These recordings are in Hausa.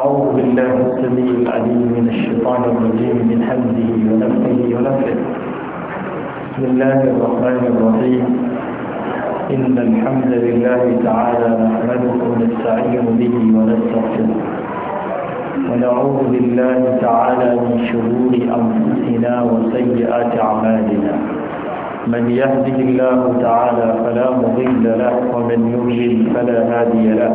أعوذ بالله السميع العليم من الشيطان الرجيم من حمده ونفسه ونفسه بسم الله الرحمن الرحيم إن الحمد لله تعالى نحمده ونستعين به ونستغفره ونعوذ بالله تعالى من شرور أنفسنا وسيئات أعمالنا من يهده الله تعالى فلا مضل له ومن يضلل فلا هادي له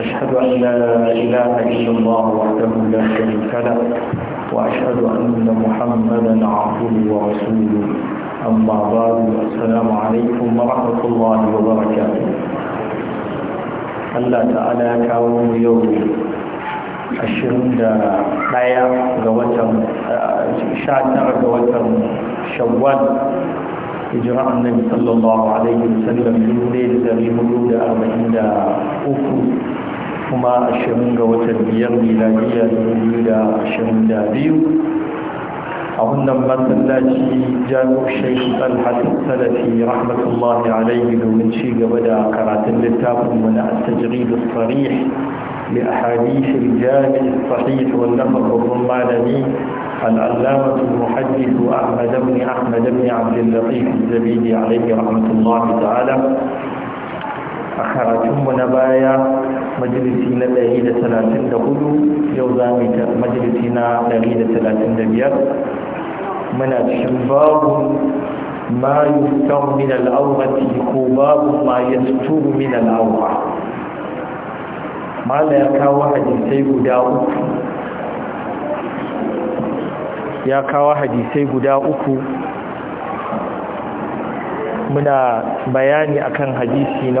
أشهد أن لا إله إلا الله وحده لا شريك له وأشهد أن محمدا عبده ورسوله أما بعد السلام عليكم ورحمة الله وبركاته الله تعالى kawo يوم أشهد da ɗaya ga watan sha tara hijira annabi sallallahu alaihi wasallam dubu ɗaya da ɗari hudu da arba'in da uku kuma ashirin ga watan biyar miladiya biyu da ashirin da biyu a wannan masallaci jami'ar shaikh alhassan salafi rahmatullahi alaihi ci gaba da karatun littafin na at fari. لأحاديث الجامع الصحيح والنفق الرمالني العلامة المحدث أحمد بن أحمد بن عبد اللطيف الزبيدي عليه رحمة الله تعالى أخرجهم نبايا مجلسنا لغيدة ثلاثين دخلوا يوزامي مجلسنا لغيدة ثلاثين دبيات من الشباب ما يستر من الأورة كباب ما يستر من الأورة mala يا kawo hadisai guda uku ya kawo hadisai guda uku muna bayani akan hadisi na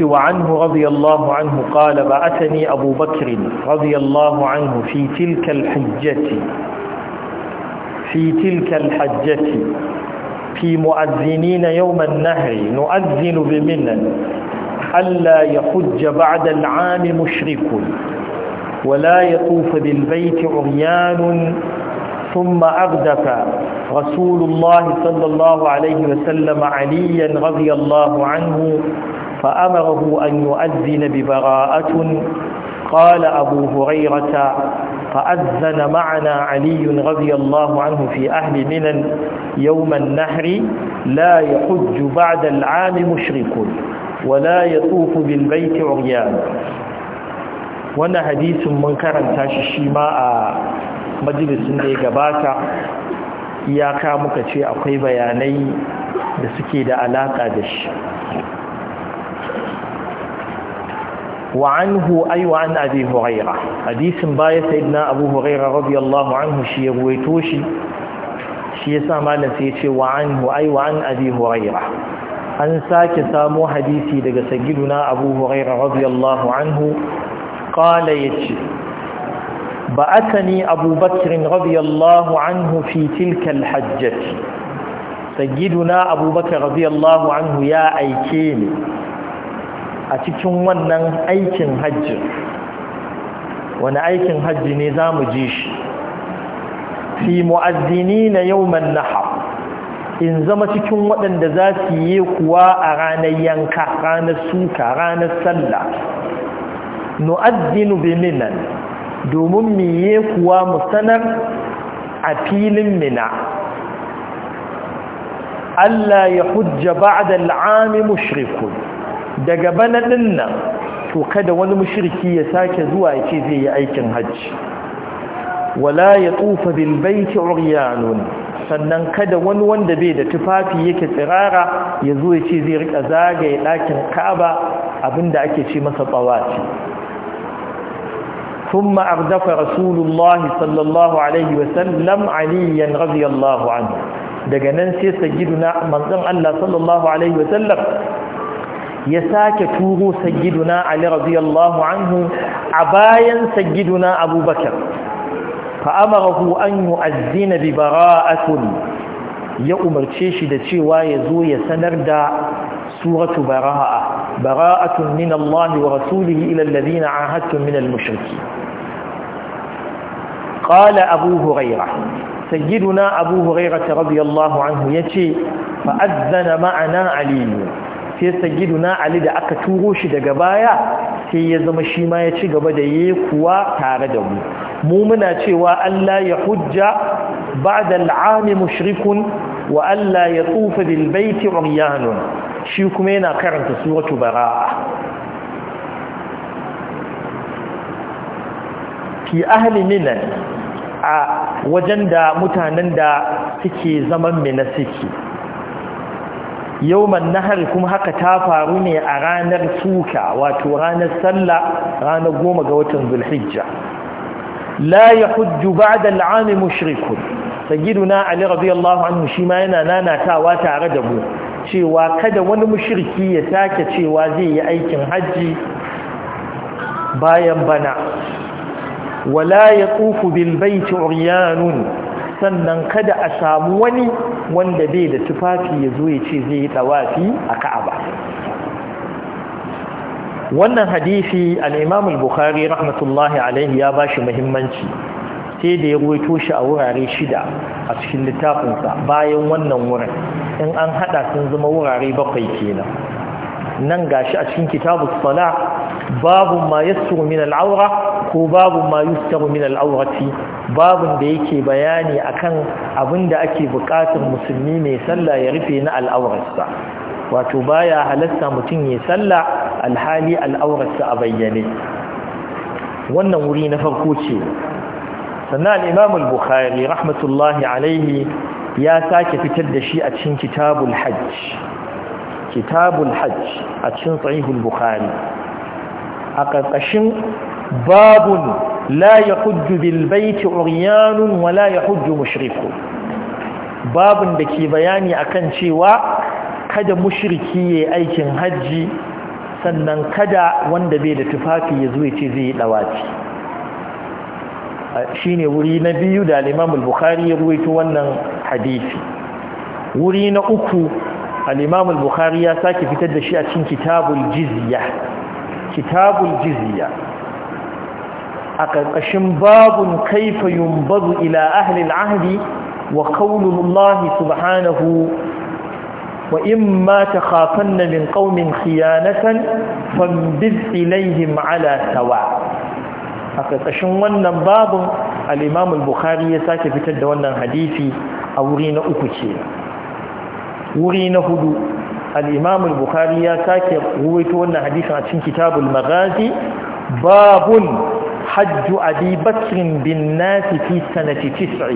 وعنه رضي الله عنه قال بأتني أبو بكر رضي الله عنه في تلك الحجة في تلك الحجة في مؤذنين يوم النهر نؤذن بمنا ألا يحج بعد العام مشرك ولا يطوف بالبيت عريان ثم أغدف رسول الله صلى الله عليه وسلم عليا رضي الله عنه فأمره أن يؤذن ببراءة قال أبو هريرة فأذن معنا علي رضي الله عنه في أهل منن يوم النحر لا يحج بعد العام مشرك ولا يطوف بالبيت عريان wannan hadisin mun karanta shi shi ma a majalisun da ya gabata iyaka muka ce akwai bayanai da suke da alaƙa da shi wa an abi hadisin baya sayyidina abu huraira radiyallahu anhu shi ya ruwaito shi shi yasa malam sai ya ce wa anhu aywa an abi huraira an sake samo hadisi daga sagiduna abu huraira radiyallahu anhu qala yace ba'athani abu bakr radiyallahu anhu fi tilkal al-hajjati sagiduna abu radiyallahu anhu ya aike ni a cikin wannan aikin hajji wani aikin hajji ne za mu ji shi fi mu'azzinina yawman nahar in zama cikin waɗanda za su yi kuwa a ranar yanka ranar suka ranar sallah nu'addinu bi minan domin yi kuwa mu a filin mina Allah ya hujja da al'ami mushrikun daga bana dinnan to kada wani mushriki ya sake zuwa ya ce zai yi aikin hajji wala ya tsufa bilbaiki uriyanun sannan kada wani wanda bai da tufafi yake tsirara ya zo ya ce zai rika zagaye ɗakin kaba abinda ake ce masa tsawaci ثم أردف رسول الله sallallahu alaihi عليه وسلم عليا رضي الله anhu. daga nan sai sagiduna manzon Allah sallallahu alaihi wasallam ya sake turo sagiduna Ali radiyallahu anhu a bayan sagiduna Abubakar fa'amarahu an yu'azzina bi bara'atun ya umarce shi da cewa ya zo ya sanar da suratu bara'a bara'atun min Allah wa rasulihi ila alladhina ahadtum min al-mushriki ƙala abu hurairah sayyiduna abu hurairah radiyallahu anhu ya ce fa'adhana ma'ana aliyu sai na ali da aka turo shi daga baya sai ya zama shi ma ya ci gaba da yi kuwa tare da mu mu muna cewa Allah ya hujja ba'da al'ami mushrikun wa Allah ya tsufa bil baiti umyanun shi kuma yana karanta suratu bara'a fi ahli minan a wajen da mutanen da suke zaman mina suke yawman nahar kuma haka ta faru ne a ranar suka wato ranar sallah ranar goma ga watan zulhijja la ba da al'am mushrikun na ali radiyallahu anhu shi ma yana nanatawa tare da mu cewa kada wani mushriki ya sake cewa zai yi aikin hajji bayan bana wala yatufu bil baiti uryanun sannan kada a samu wani wanda bai da tufafi ya zo ya ce zai yi tawafi a ka'aba wannan hadisi al-imam al-bukhari rahmatullahi alaihi ya bashi muhimmanci sai da ya ruwaito shi a wurare shida a cikin littafinsa bayan wannan wurin in an hada sun zama wurare bakwai kenan nan gashi a cikin kitabus sala babu ma yassuru min al'aura ko babu ma yussaru min al'aurati babun da yake bayani akan abinda ake bukatar musulmi mai sallah ya rufe na al'aurarsa wato baya halasta mutum ya sallah alhali al'aurarsa a bayyane wannan wuri na farko ce sannan al al-Bukhari rahmatullahi alaihi ya sake fitar da shi a cikin kitabul hajj kitabul hajj a cikin sahihul bukhari a ƙarƙashin babun la ya hujju bilbaiti oriyanun wa la ya hujju mushriku babun da ke bayani akan cewa kada mashiriki ya aikin hajji sannan kada wanda bai da tufafi ya zuwa ce zai yi ɗawaci shi ne wuri na biyu da alimamul bukhari ya ruwaito wannan hadisi wuri na uku alimamul bukhari ya sake fitar da shi a cikin kitabul jizya kitabul jizya a ƙarƙashin babun kaifa yumbazu ila ahlil ahdi wa qaulullah subhanahu wa kafin na min qaumin khiyanatan fambiz ilaihim ala tawa. a ƙarƙashin wannan babun al-Imam bukhari ya sake fitar da wannan hadisi a wuri na uku ce wuri na hudu الإمام البخاري يساك رويتو أن حديث عن كتاب المغازي باب حج أبي بكر بالناس في سنة تسع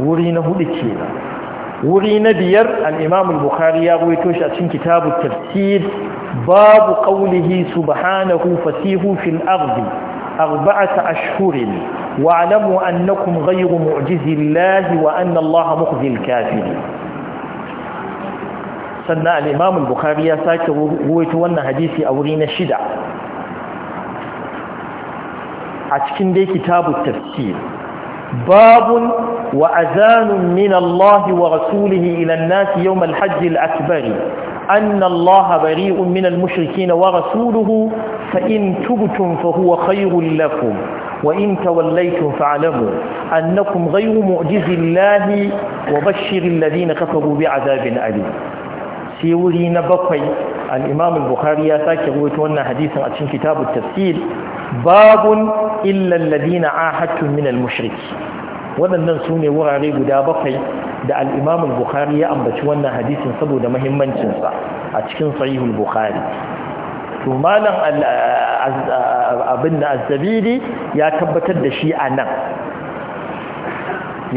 ورينه لكينا ورين بير الإمام البخاري يرويتو عن كتاب التفسير باب قوله سبحانه فسيه في الأرض أربعة أشهر واعلموا أنكم غير معجز الله وأن الله مخزي الكافرين سنة الإمام البخاري ساكي رويتون حديثي أورين الشدع أتكن دي كتاب التفسير باب وأذان من الله ورسوله إلى الناس يوم الحج الأكبر أن الله بريء من المشركين ورسوله فإن تبتم فهو خير لكم وإن توليتم فاعلموا أنكم غير معجز الله وبشر الذين كفروا بعذاب أليم سيوري نبقي الإمام البخاري يتاكي رويتونا حديثا عن كتاب التفسير باب إلا الذين عاهدتم من المشركين ولن ننسوني ne wurare بقي دا الإمام البخاري أم ya حديثا wannan دا saboda mahimmancinsa صحيح البخاري to malam abin da azzabiri ya tabbatar da shi a nan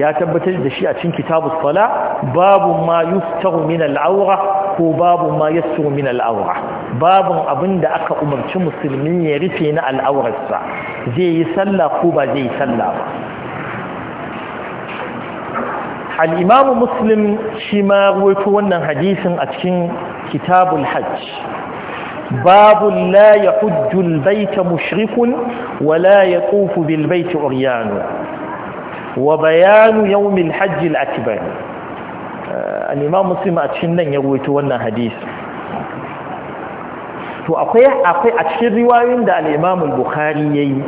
ya tabbatar da shi a cikin kitabus sala babu ma yustahu min al'aura ko babu ma yastahu min al'aura babu abin da aka umarci musulmi ya rufe na al'aurarsa zai yi sallah ko ba zai yi sallah ba al-imamu muslim shi ma ruwaito wannan hadisin a cikin kitabul hajj باب لا يحج البيت مشرك ولا يطوف بالبيت عريان وبيان يوم الحج الأكبر الإمام مسلم أتشنن يرويت ونا حديث to akwai akwai a cikin riwayoyin da al-Imam al-Bukhari yayi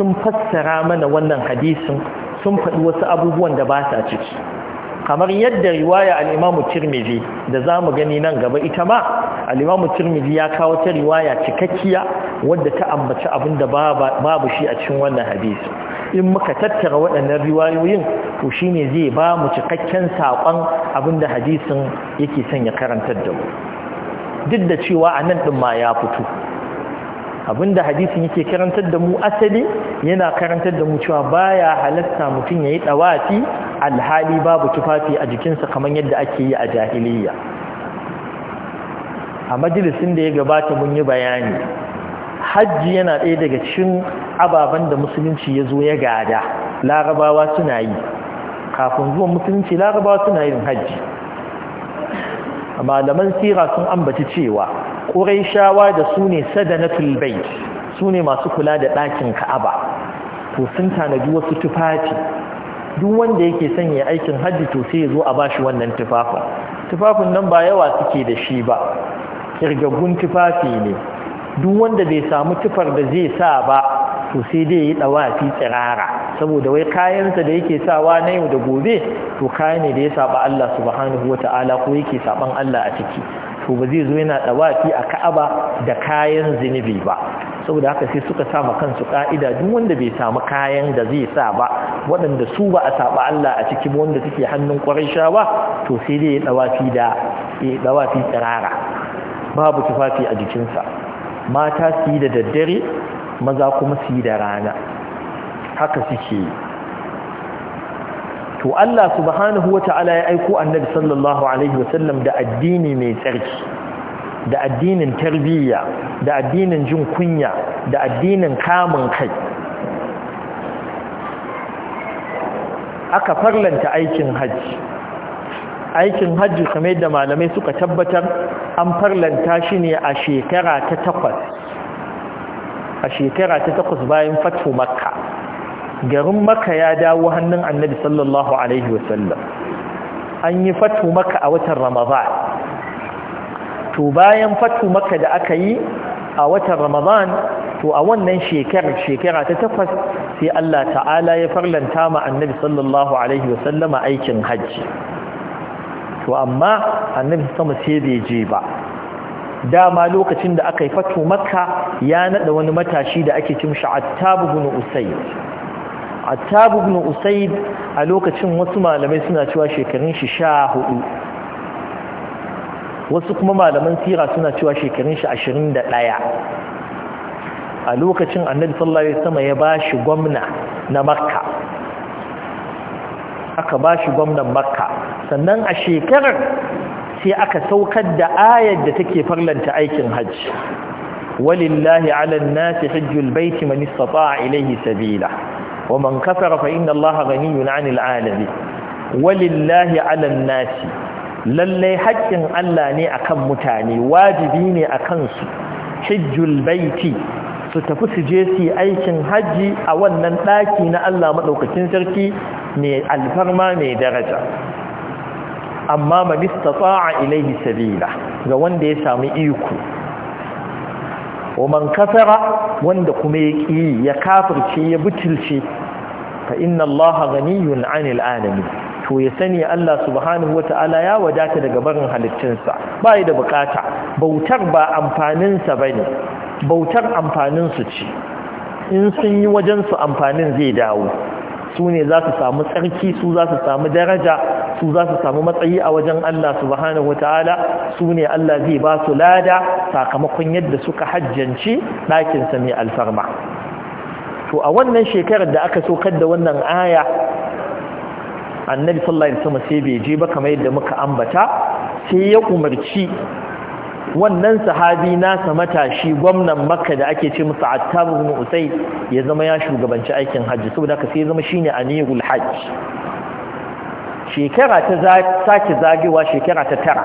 sun fassara mana wannan hadisin sun faɗi wasu abubuwan da ba sa ciki kamar yadda riwaya al'imamu tirmidhi da za mu gani nan gaba ita ma al'imamu tirmidhi ya kawo ta riwaya cikakkiya wadda ta ambaci abin da babu shi a cikin wannan hadisi in muka tattara waɗannan riwayoyin to shi ne zai ba mu cikakken saƙon abin da hadisin yake son ya karantar da mu duk da cewa a nan ɗin ma ya fito abinda hadisin yake karantar da mu asali yana karantar da mu cewa baya halatta mutum yayi dawafi alhali babu tufafi a jikinsa kamar yadda ake yi a jahiliyya a majalisin da ya gabata mun yi bayani hajji yana ɗaya daga cikin ababen da musulunci ya zo ya gada larabawa suna yi kafin zuwan musulunci larabawa suna yin hajji malaman sira sun ambaci cewa ƙuraishawa da su ne sadanatul bai su ne masu kula da ɗakin ka'aba to sun tanadi wasu tufafi duk wanda yake sanya aikin hajji to sai ya zo a bashi wannan tufafin tufafin nan ba yawa suke da shi ba ƙirgaggun tufafi ne duk wanda bai samu tufar da zai sa ba to sai dai yi fi tsirara saboda wai kayansa da yake sawa na yau da gobe to kayan ne da ya saba Allah subhanahu wata'ala ko yake saban Allah a ciki to ba zai zo yana dawafi a Ka'aba da kayan zinubi ba saboda haka sai suka sa ma kansu ka'ida duk wanda bai samu kayan da zai sa ba waɗanda su ba a saba Allah a cikin wanda suke hannun Qurayshawa to sai dai ya dawafi da ya dawafi tsirara babu tufafi a jikinsa mata su yi da daddare maza kuma su yi da rana haka suke yi to Allah subhanahu wa ta'ala ya aiko annabi sallallahu alaihi wa sallam da addini mai tsarki da addinin tarbiyya da addinin jin kunya da addinin kamun kai aka farlanta aikin hajji aikin hajji kuma da malamai suka tabbatar an farlanta shi ne a shekara ta takwas a shekara ta takwas bayan fatu makka garin maka ya dawo hannun annabi sallallahu alaihi wasallam an yi fatu maka a watan ramadan to bayan fatu maka da aka yi a watan ramadan to a wannan shekarar shekara ta takwas sai Allah ta'ala ya farlanta ma annabi sallallahu alaihi wasallama aikin hajji to amma annabi sama sai bai je ba dama lokacin da aka yi fatu maka ya nada wani matashi da ake cin attabu bin usayd attab ibn usaid a lokacin wasu malamai suna cewa shekarun shi sha wasu kuma malaman sira suna cewa shekarun shi ashirin da ɗaya a lokacin annabi sallallahu alaihi wasallam ya bashi gwamna na makka aka bashi gwamnan makka sannan a shekarar sai aka saukar da ayar da take farlanta aikin hajji walillahi ala nasi hajjul bayti man istata'a ilayhi sabila ومن كفر فإن الله غني عن العالمين ولله على الناس lallai haƙƙin Allah ne akan mutane wajibi ne akan su hijjul baiti su tafi su je su aikin haji a wannan ɗaki na Allah maɗaukakin sarki mai alfarma mai daraja amma man istata'a ilayhi sabila ga wanda ya samu iko wa man kafara wanda kuma ya ƙi ya kafirce ya butulce fa inna allaha ganiyun 'anil 'alamin to ya sani Allah subhanahu wata'ala ya wadata daga barin halittunsa ba yi da bukata bautar ba amfaninsa ba ne bautar amfaninsu ce in sun yi wajensu amfanin zai dawo su ne za su samu tsarki su za su samu daraja su za su samu matsayi a wajen Allah subhanahu wataala su ne Allah zai ba su lada sakamakon yadda suka hajjanci ɗakinsa mai alfarma to a wannan shekarar da aka sokar da wannan aya annabi sallallahu alaihi wasallam sai bai je ba kamar yadda muka ambata sai ya umarci wannan sahabi nasa matashi gwamnan makka da ake ce musu attab ibn usay ya zama ya shugabanci aikin hajji saboda ka sai ya zama shine aniyul hajj shekara ta sake zagewa shekara ta tara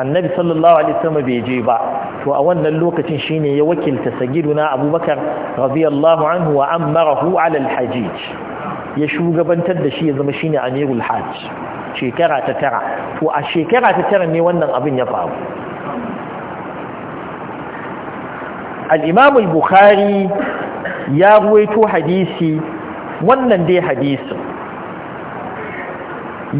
annabi sallallahu alaihi wasallam bai je ba to a wannan lokacin shine ya wakilta sagiduna abubakar radiyallahu anhu wa ammarahu ala alhajij ya shugabantar da shi ya zama shine amirul hajj shekara ta tara to a shekara ta tara ne wannan abin ya faru al-imam al-bukhari ya ruwaito hadisi wannan dai hadisin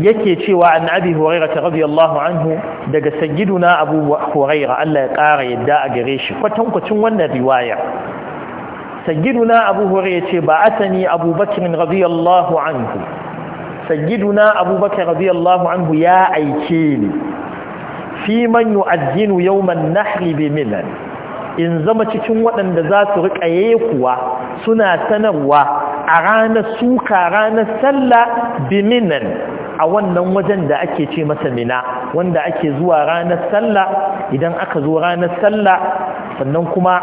yake cewa an abi hurairah radiyallahu anhu daga sayyiduna abu hurairah Allah ya kara yadda a gare shi kwatankwacin wannan riwaya sayyiduna abu hurairah yace ba atani abubakar radiyallahu anhu sayyiduna abubakar radiyallahu anhu ya aike ni fi man yu'azzinu yawman nahri bi milan in zama cikin waɗanda za su riƙa kuwa suna sanarwa a ranar suka ranar sallah biminan a wannan wajen da ake ce masa mina wanda ake zuwa ranar sallah idan aka zo ranar sallah sannan kuma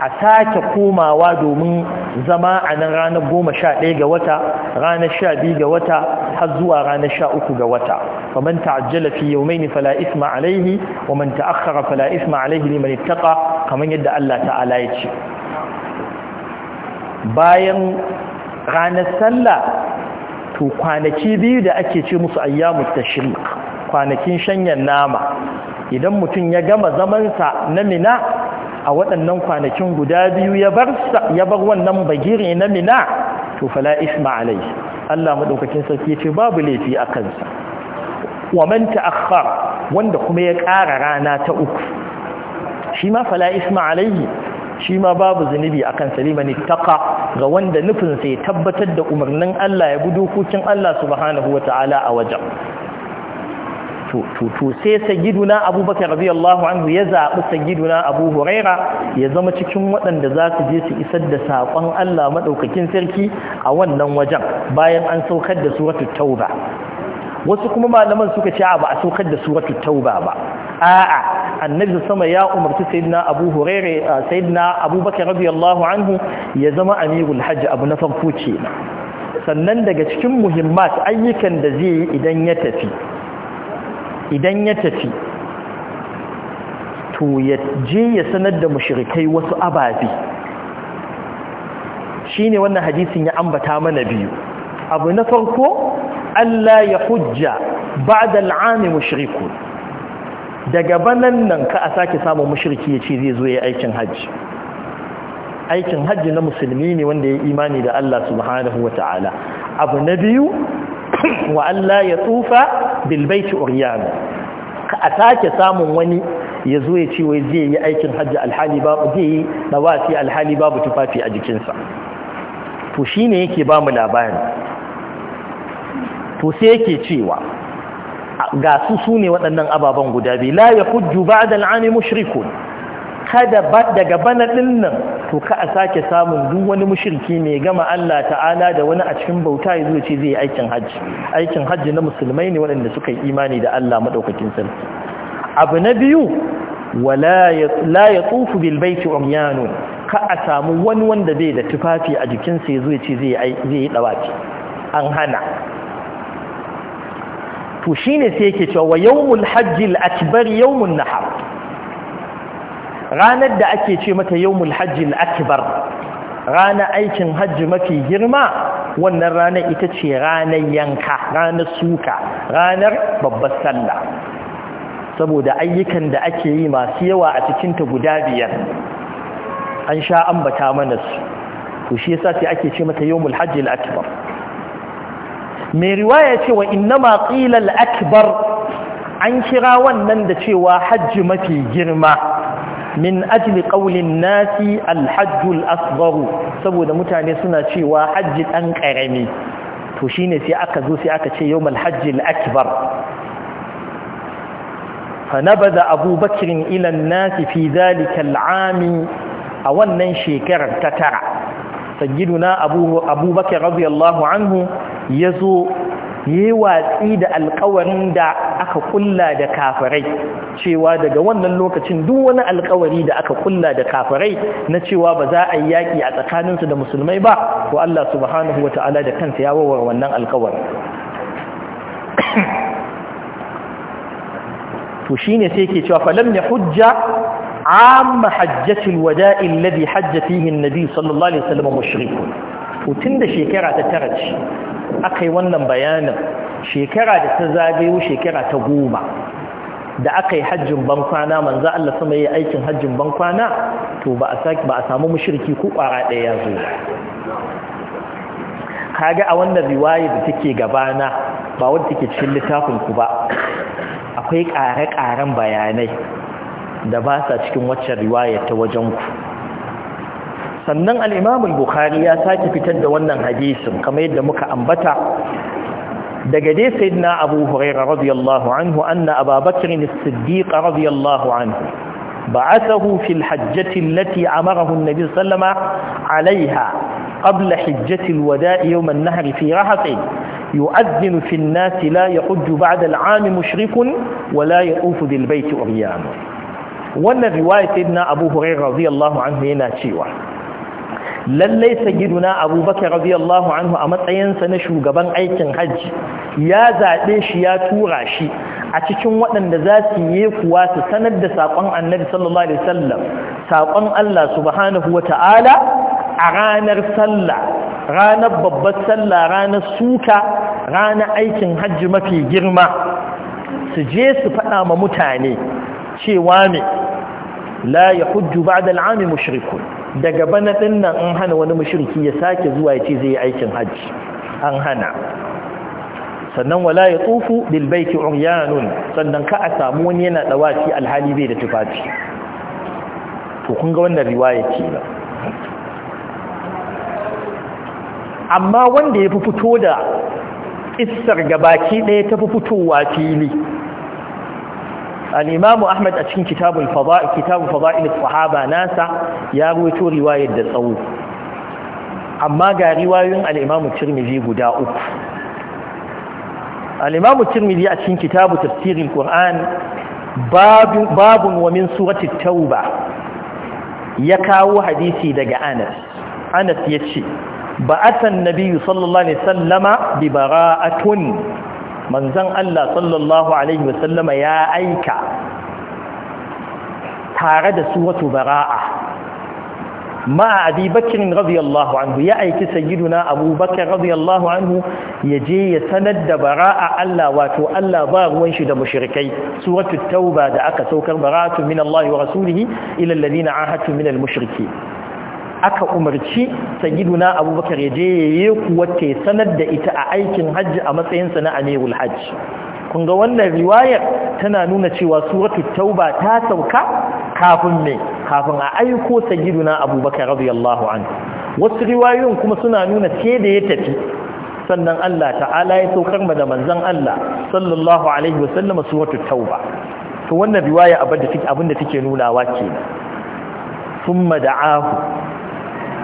a sake komawa domin zama a nan ranar goma sha ɗaya ga wata ranar sha biyu ga wata har zuwa ranar sha uku ga wata faman ta'ajjala fi yawmaini fala isma alaihi wa man ta'akhkhara fala isma alaihi mai taƙa, kamar yadda Allah ta'ala ya ce bayan ranar sallah wato kwanaki biyu da ake ce musu ayyamu tashrik kwanakin shanyan nama idan mutum ya gama zamansa na mina a waɗannan kwanakin guda biyu ya bar ya bar wannan bagire na mina to fala isma alai Allah madaukakin sarki ya ce babu laifi a kansa wa man ta'akhkhara wanda kuma ya ƙara rana ta uku shi ma fala isma alaihi shi ma babu zunubi a kan salima ne taƙa ga wanda nufin ya tabbatar da umarnin Allah ya bi dokokin Allah subhanahu ta'ala a wajen to to sai sayyiduna abubakar radiyallahu anhu ya zaɓi sayyiduna abu huraira ya zama cikin waɗanda za su je su isar da sakon Allah maɗaukakin sarki a wannan wajen bayan an saukar da suratul tauba wasu kuma malaman suka ce a ba a saukar da suratu tauba ba a'a annabi sama ya umarci sayyidina abu hurairi sayyidina abubakar radiyallahu anhu ya zama amirul hajj abu na farko sannan daga cikin muhimmat ayyukan da zai yi idan ya tafi idan ya tafi to ya je ya sanar da mushrikai wasu ababe shine wannan hadisin ya ambata mana biyu abu na farko Allah ya hujja ba'da al'ami mushrikun daga banan nan ka a sake samun mashirki ya ce zai zo ya aikin hajji aikin hajji na musulmi ne wanda ya imani da Allah subhanahu wa ta'ala abu na biyu wa Allah ya tsufa bilbaiti uriyanu ka a sake samun wani ya zo ya ce wai zai yi aikin hajji alhali babu zai yi wasi alhali babu tufafi a jikinsa to shi ne yake ba mu labari to sai yake cewa ga su su ne waɗannan ababen guda biyu la ya hujju ba da al'ami mushriku kada ba daga bana ɗinnan to ka a sake samun duk wani mushriki mai gama Allah ta'ala da wani a cikin bauta ya ce zai aikin hajji aikin hajji na musulmai ne waɗanda suka yi imani da Allah maɗaukakin sarki abu na biyu wala ya bil bilbaiti umyanun ka a samu wani wanda bai da tufafi a jikinsa ya zo ce zai yi ɗawafi an hana to ne sai yake cewa wa yawmul hajjil akbar yawmun nahar ranar da ake ce mata yawmul hajjil akbar ranar aikin hajji mafi girma wannan ranar ita ce ranar yanka ranar suka ranar babbar sallah saboda ayyukan da ake yi masu yawa a cikinta guda biyar an sha ambata mana su to shi yasa sai ake ce mata yawmul hajjil akbar mai riwaya cewa ma ƙilal akbar an kira wannan da cewa hajji mafi girma min ajli qaulin nasi alhajjul asghar saboda mutane suna cewa hajji an ƙarami to shine sai aka zo sai aka ce yawmal hajjil akbar فنبذ أبو بكر إلى الناس في ذلك a wannan shekarar ta tara أبو, أبو بكر رضي ya zo yi watsi da alkawarin da aka kulla da kafirai cewa daga wannan lokacin duk wani alkawari da aka kulla da kafirai na cewa ba za a yi yaƙi a tsakaninsu da musulmai ba ko Allah subhanahu wa ta'ala da kansa ya wawar wannan alkawari to shine sai yake cewa falam ya hujja amma hajjatul wada'i alladhi hajja nabi sallallahu alaihi wasallam mushrikun tun da shekara ta tara ce aka yi wannan bayanin shekara da ta zagayo shekara ta goma da aka yi hajjin bankwana manza Allah sama yi aikin hajjin bankwana to ba a samu mashirki ko kwara ɗaya ya zo ga a wannan riwaya da take gabana ba wadda take cikin littafin ku ba akwai ƙare-ƙaren bayanai da ba sa cikin waccan riwaya ta wajen ku sannan al-imam al-bukhari ya sake fitar da wannan hadisin kamar yadda muka ambata daga dai sayyidina abu hurairah radiyallahu anhu anna ababakr as-siddiq radiyallahu anhu بعثه في الحجة التي أمره النبي صلى الله عليه وسلم عليها قبل حجة الوداع يوم النهر في رهط يؤذن في الناس لا يحج بعد العام مشرك ولا يؤوف ذي البيت أريان وانا رواية ابن أبو هريرة رضي الله عنه هنا شيوه lallai sagiduna abubakar radiyallahu anhu a matsayinsa na shugaban aikin hajji ya zaɓe shi ya tura shi a cikin waɗanda za su yi kuwa su sanar da saƙon annabi sallallahu alaihi wasallam saƙon Allah subhanahu wata'ala a ranar sallah ranar babbar sallah ranar suka ranar aikin hajji mafi girma su je su faɗa ma mutane cewa me la yahujju ba'da al'ami mushrikun daga bana ɗin nan an hana wani mashirki ya sake zuwa ya ce zai yi aikin hajji an hana sannan wala ya tsufu bilbaiki uryanun sannan ka a samu wani yana ɗawaci alhali bai da tufafi to kun ga wannan riwaya ce ba amma wanda ya fi fito da isar gabaki ɗaya ta fi fitowa fili al'imamu ahmad a cikin kitabun fada'il sahaba nasa ya ruwaito riwayar da tsawo amma ga riwayoyin al'imamu tirmidhi guda uku al'imamu tirmidhi a cikin kitabu tafsirin qur'an babun wamin min tauba ya kawo hadisi daga anas anas ya ce ba'atan nabiyyu sallallahu alaihi sallama bi bara'atun manzon Allah sallallahu alaihi wasallama ya aika tare da su wato bara'a ma abi bakirin radiyallahu anhu ya aiki sayiduna abubakar radiyallahu anhu ya je ya sanar da bara'a Allah wato Allah ba ruwan shi da mushrikai suratul tauba da aka saukar bara'atu min Allah wa rasulihi ila alladhina ahadtu min al-mushrikeen aka umarci sayyiduna abubakar ya je yayi kuwata ya sanar da ita a aikin hajji a matsayinsa na amirul hajji kun ga wannan riwayar tana nuna cewa suratul tauba ta sauka kafin ne kafin a aiko sayyiduna abubakar radiyallahu anhu wasu riwayoyin kuma suna nuna ce da ya tafi sannan Allah ta'ala ya saukar ma da manzon Allah sallallahu alaihi wasallam suratul tauba to wannan riwaya abinda take nuna wa nunawa kenan Sun mada'ahu.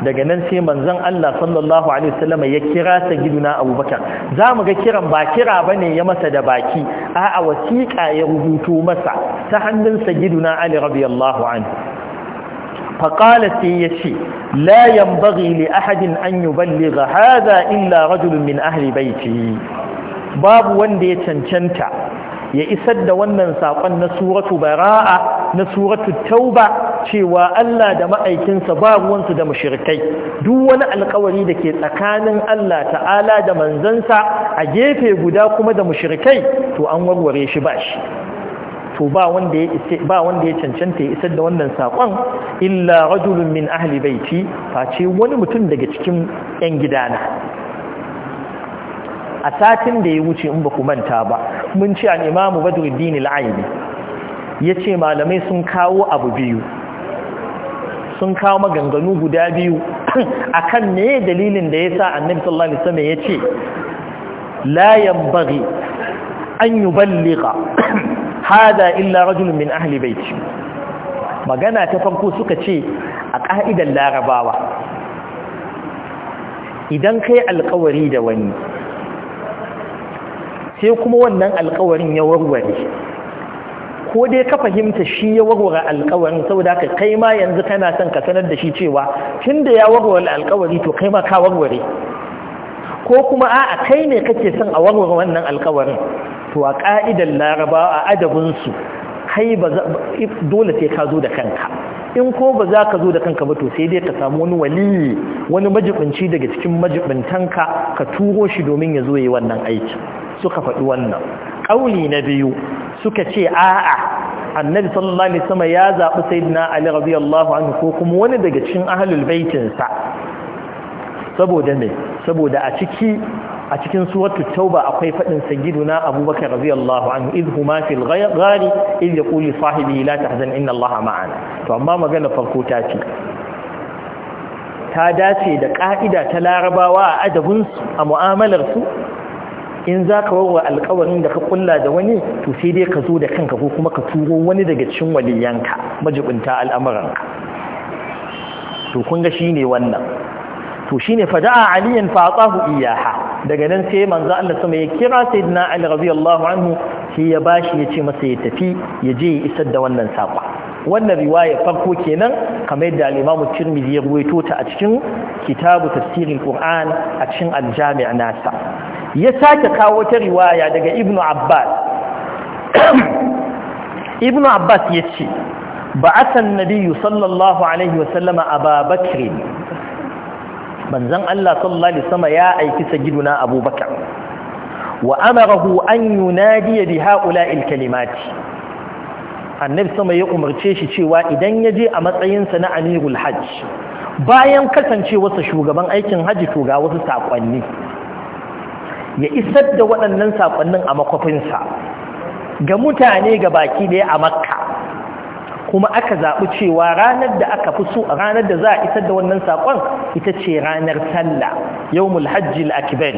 daga nan sai manzon Allah sallallahu alaihi wasallam ya kira sa giduna Abubakar zamu ga kiran ba kira bane ya masa da baki a'a wasiqa ya rubuto masa ta hannun sa giduna Ali radiyallahu anhu sai فقال la yanbaghi li ahadin an yuballigha hadha illa rajulun min ahli baiti babu wanda ya cancanta ya isar da wannan saƙon na suratu bara'a na suratu tauba cewa Allah da ma'aikinsa ba ruwansu da mushirikai duk wani alkawari da ke tsakanin Allah ta'ala da manzansa a gefe guda kuma da mushirikai to an warware shi ba shi to ba wanda ya cancanta ya isar da wannan saƙon illa rajulun min ahli baiti face wani mutum daga cikin 'yan gidana a satin da ya wuce in ba ku manta ba mun ci an imamu badruddin al-aini yace malamai sun kawo abu biyu sun kawo maganganu guda biyu akan ne dalilin da yasa annabi sallallahu alaihi wasallam yace la yanbaghi an yuballigha hada illa rajul min ahli baiti magana ta farko suka ce a ka'idar larabawa idan kai alkawari da wani sai kuma wannan alkawarin ya warware ko dai ka fahimta shi ya warware alkawarin saboda ka kai ma yanzu kana son ka sanar da shi cewa tun da ya warware alkawari to kai ma ka warware ko kuma a'a kai ne kake son a warware wannan alkawarin to a ka'idar laraba a adabinsu kai ba za dole sai ka zo da kanka in ko ba za ka zo da kanka ba to sai dai ka samu wani wali wani majibinci daga cikin majibintanka ka turo shi domin ya zo yi wannan aiki suka faɗi wannan ƙauli na biyu suka ce a'a annabi sallallahu alaihi wasallam ya zaɓi sayyidina ali radiyallahu anhu ko kuma wani daga cikin ahlul baitin sa saboda me saboda a ciki a cikin suratu tauba akwai fadin sayyiduna abubakar radiyallahu anhu idh huma fil ghari idh yaqulu sahibi la tahzan inna allaha ma'ana to amma magana farko ta ce ta dace da ka'ida ta larabawa a adabinsu a mu'amalarsu in za ka warwa alkawarin da ka kulla da wani to sai dai ka zo da kanka ko kuma ka turo wani daga cikin waliyanka majibinta al'amuranka to kun ga shine wannan to shine fada'a aliyan fa atahu iyaha daga nan sai manzo Allah sama ya kira sayyidina Ali radiyallahu anhu sai ya bashi ya ce masa ya tafi ya je ya isar da wannan saƙo. wannan riwaya farko kenan kamar yadda al-Imam Tirmidhi ya ruwaito ta a cikin kitabu tafsirin Qur'an a cikin al-Jami' nasa ya sake kawo ta riwaya daga Ibn abbas Ibn abbas ya ce ba asan nabiyu sallallahu alaihi wasallama ababakir banzan Allah sallallahu alaihi sama ya aiki giduna abubakar wa amarahu an yunadiya bi ha'ula'il ilkalimati annabi sama ya umarce shi cewa idan ya je a matsayinsa na amirul hajji bayan kasancewarsa shugaban aikin hajji to wasu saƙonni ya isar da waɗannan saƙonnin a makwafinsa ga mutane ga baki ɗaya a makka kuma aka zaɓi cewa ranar da aka fi so ranar da za a isar da wannan saƙon ita ce ranar sallah yau hajji al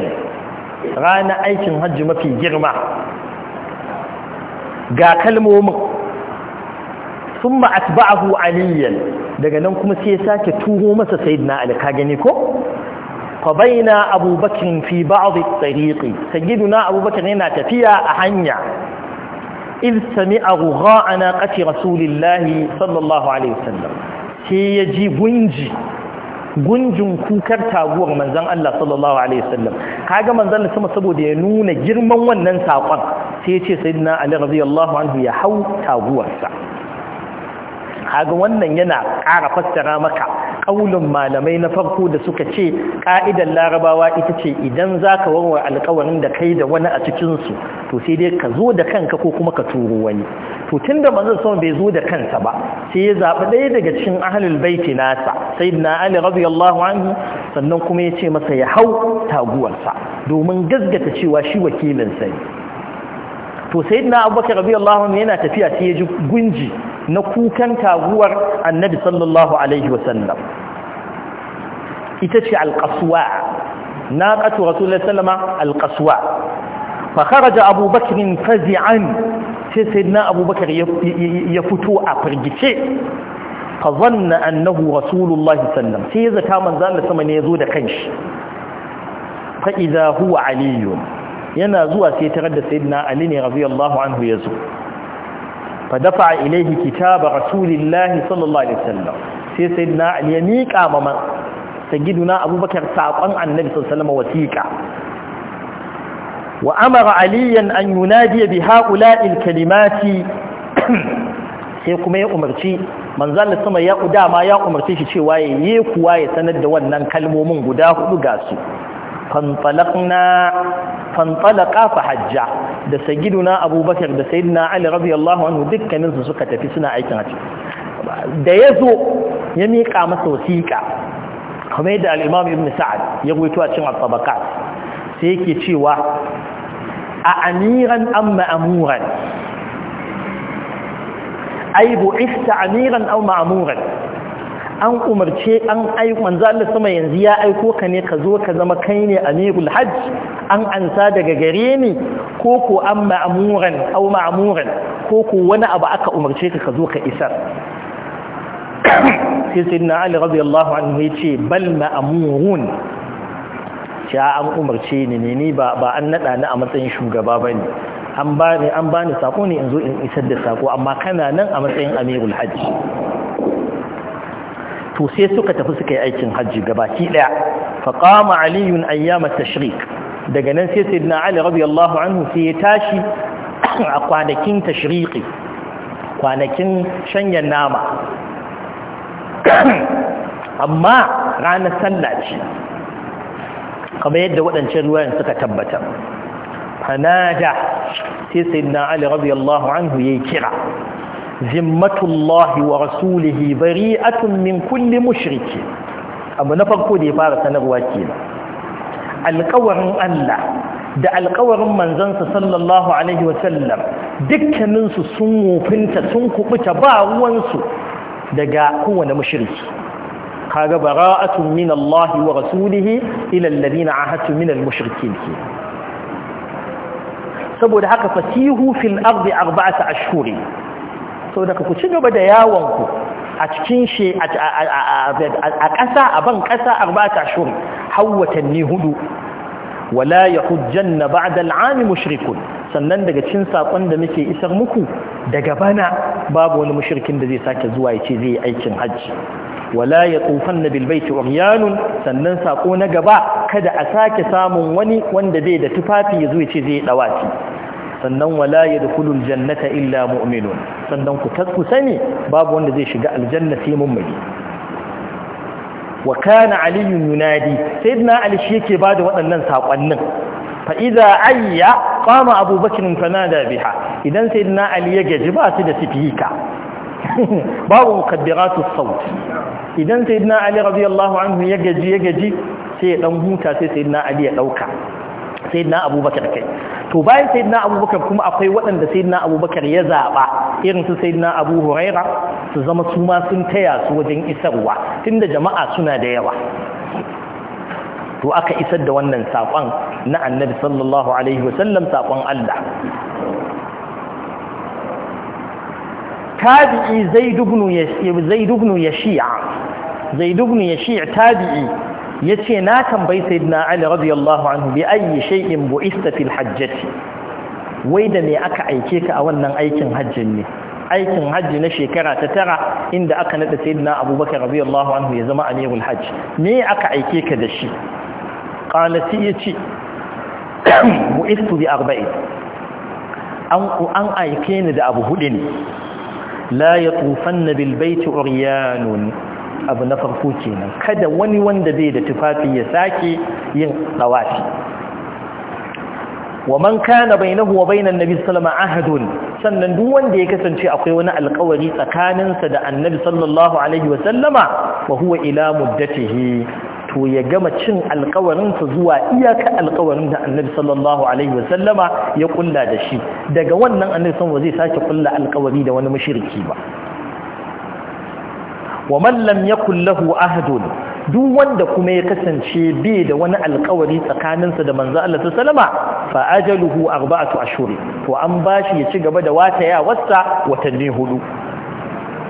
ranar aikin hajji mafi girma ga kalmomin sun ma’asba’ahu aliyan daga nan kuma sai ya sake tuho masa sayyidina na ka ko fabaina abubakar fi ba'adhi tsariƙi sayyiduna abubakar yana tafiya a hanya iz sami'a rugha'ana qati rasulillahi sallallahu alaihi wasallam sai ya ji gunji gunjin kukar taguwar manzan Allah sallallahu alaihi wasallam kaga manzon sama saboda ya nuna girman wannan saƙon sai ya ce sayyidina ali radiyallahu anhu ya hau taguwarsa Haga wannan yana ƙara fassara maka ƙaunin malamai na farko da suka ce ƙa'idar larabawa ita ce idan za ka warware alkawarin da kai da wani a cikinsu to sai dai ka zo da kanka ko kuma ka turo wani to tun da manzon sama bai zo da kansa ba sai ya zaɓi ɗaya daga cikin ahalul baiti nasa sai na ali radiyallahu anhu sannan kuma ya ce masa ya hau taguwarsa domin gaskata cewa shi wakilinsa ne to sayyidina abubakar radiyallahu anhu yana tafiya sai ya ji gunji na kukan taguwar annabi sallallahu alaihi wasallam ita ce alqaswa naqatu rasulullahi sallama alqaswa fa kharaja abubakar fazi'an sai sayyidina abubakar ya fito a firgice fa zanna annahu rasulullahi sallam sai ya zata manzo Allah sama ne yazo da kanshi fa idza huwa aliyun yana zuwa sai tarar da sayyidina ali ne radiyallahu anhu ya zo fa dafa ilaihi kitaba rasulillahi sallallahu alaihi wasallam sai sayyidina ali ya mika ma sayyiduna abubakar sakon annabi sallallahu alaihi wasallam wasiqa wa amara aliyan an yunadi bi haula'il kalimati sai kuma ya umarci manzal sama ya dama ya umarci shi cewa yayi kuwa ya sanar da wannan kalmomin guda hudu gasu. fanfalaka fa hajja da sagiduna abubakar da sayidina ali radiyallahu anhu dukkaninsu suka tafi suna aikin hajji da yazo ya miƙa masa wasiƙa kamar yadda al'imam ibn sa'ad ya rubuto a cikin al-tabaqat sai yake cewa a amiran am ma'muran bu'ista amiran aw ma'muran an umarce an aiko manzo Allah sama yanzu ya aiko ka ne ka zo ka zama kai ne amirul hajj an ansa daga gare ni ko an ma'muran aw ma'muran ko wani abu aka umarce ka ka zo ka isar sai sayyidina Ali radiyallahu anhu yace bal ma'murun sha an umarce ni ne ni ba ba an nada ni a matsayin shugaba bane an bani an bani sako ne in in isar da sako amma kana nan a matsayin amirul hajj to sai suka tafi suka yi aikin hajji gabaki daya faqama aliyun ayyama tashrik daga nan sai sayyidina ali radiyallahu anhu sai ya tashi a kwanakin tashriqi kwanakin shanyan nama amma ranar sallah ce kamar yadda waɗancan ruwan suka tabbata fanada sai sayyidina ali radiyallahu anhu yayi kira zimmatullahi wa rasulihi bari'atun min kulli mushriki abu na farko da ya fara sanarwa kenan alƙawarin Allah da alƙawarin manzansa sallallahu alaihi wa sallam dukkaninsu sun wofinta sun kubuta ba ruwansu daga kowane mushriki kaga bara'atun min Allah wa rasulihi ila alladhina ahadtu min al-mushrikeen saboda haka fasihu fil ardi arba'ata ashhurin so daga ku ci gaba da yawonku a cikin shi a ƙasa a ban ƙasa arbata shur har watanni hudu wala ya na ba da al'ami mushrikun sannan daga cin saƙon da muke isar muku daga bana babu wani mushrikin da zai sake zuwa ya ce zai yi aikin hajji wala ya tsufan na bilbaiti oriyanun sannan saƙo na gaba kada a sake samun wani wanda zai da tufafi ya zuwa ce zai ɗawaci sannan wala yadkhulul jannata illa mu'minun sannan ku tasku sani babu wanda zai shiga aljanna sai Wakana wa kana ali yunadi sayyidina ali shi yake bada waɗannan sakonnin fa idza ayya qama abubakar fanada biha idan sayyidina ali ya gaji ba su da sifika babu mukabbiratu saut idan sayyidina ali radiyallahu anhu ya gaji ya gaji sai ya dan huta sai sayyidina ali ya dauka Sai na abubakar kai to bayan na abubakar kuma akwai waɗanda sai na abubakar ya zaɓa irin su sai na abu huraira su zama su ma sun taya su wajen isarwa tunda jama'a suna da yawa to aka isar da wannan saƙon na annabi sallallahu alaihi wasallam saƙon Allah tabi'i zaid ibn yashi'a zaid ibn yashi'a ibn yashi'a tabi'i Ya ce na tambayi sayyidina ali radiyallahu anhu bi ayyi shay'in bu'ista fil hajjati wai da me aka aike ka a wannan aikin hajjin ne aikin hajji na shekara ta tara inda aka nada sayyidina abubakar radiyallahu anhu ya zama amirul hajj me aka aike ka da shi qalati yace bu'istu bi arba'in an an aike ni da abu hudu ne la yatufanna bil baiti uryanun abu na farko kenan kada wani wanda zai da tufafi ya sake yin tsawafi. wa man kana bainahu wa bainan nabi sallallahu alaihi wasallam ahadun sannan duk wanda ya kasance akwai wani alƙawari tsakaninsa da annabi sallallahu alaihi wasallama wa huwa ila muddatihi to ya gama cin alƙawarin sa zuwa iyaka alƙawarin da annabi sallallahu alaihi wasallama ya kulla da shi daga wannan annabi sallallahu zai sake kulla alƙawari da wani mushriki ba wa man lam yakul lahu ahadun duk wanda kuma ya kasance bai da wani alkawari tsakaninsa da manzo Allah sallama fa ajaluhu arba'atu ashhur to an bashi ya ci gaba da ya wasta watanni hudu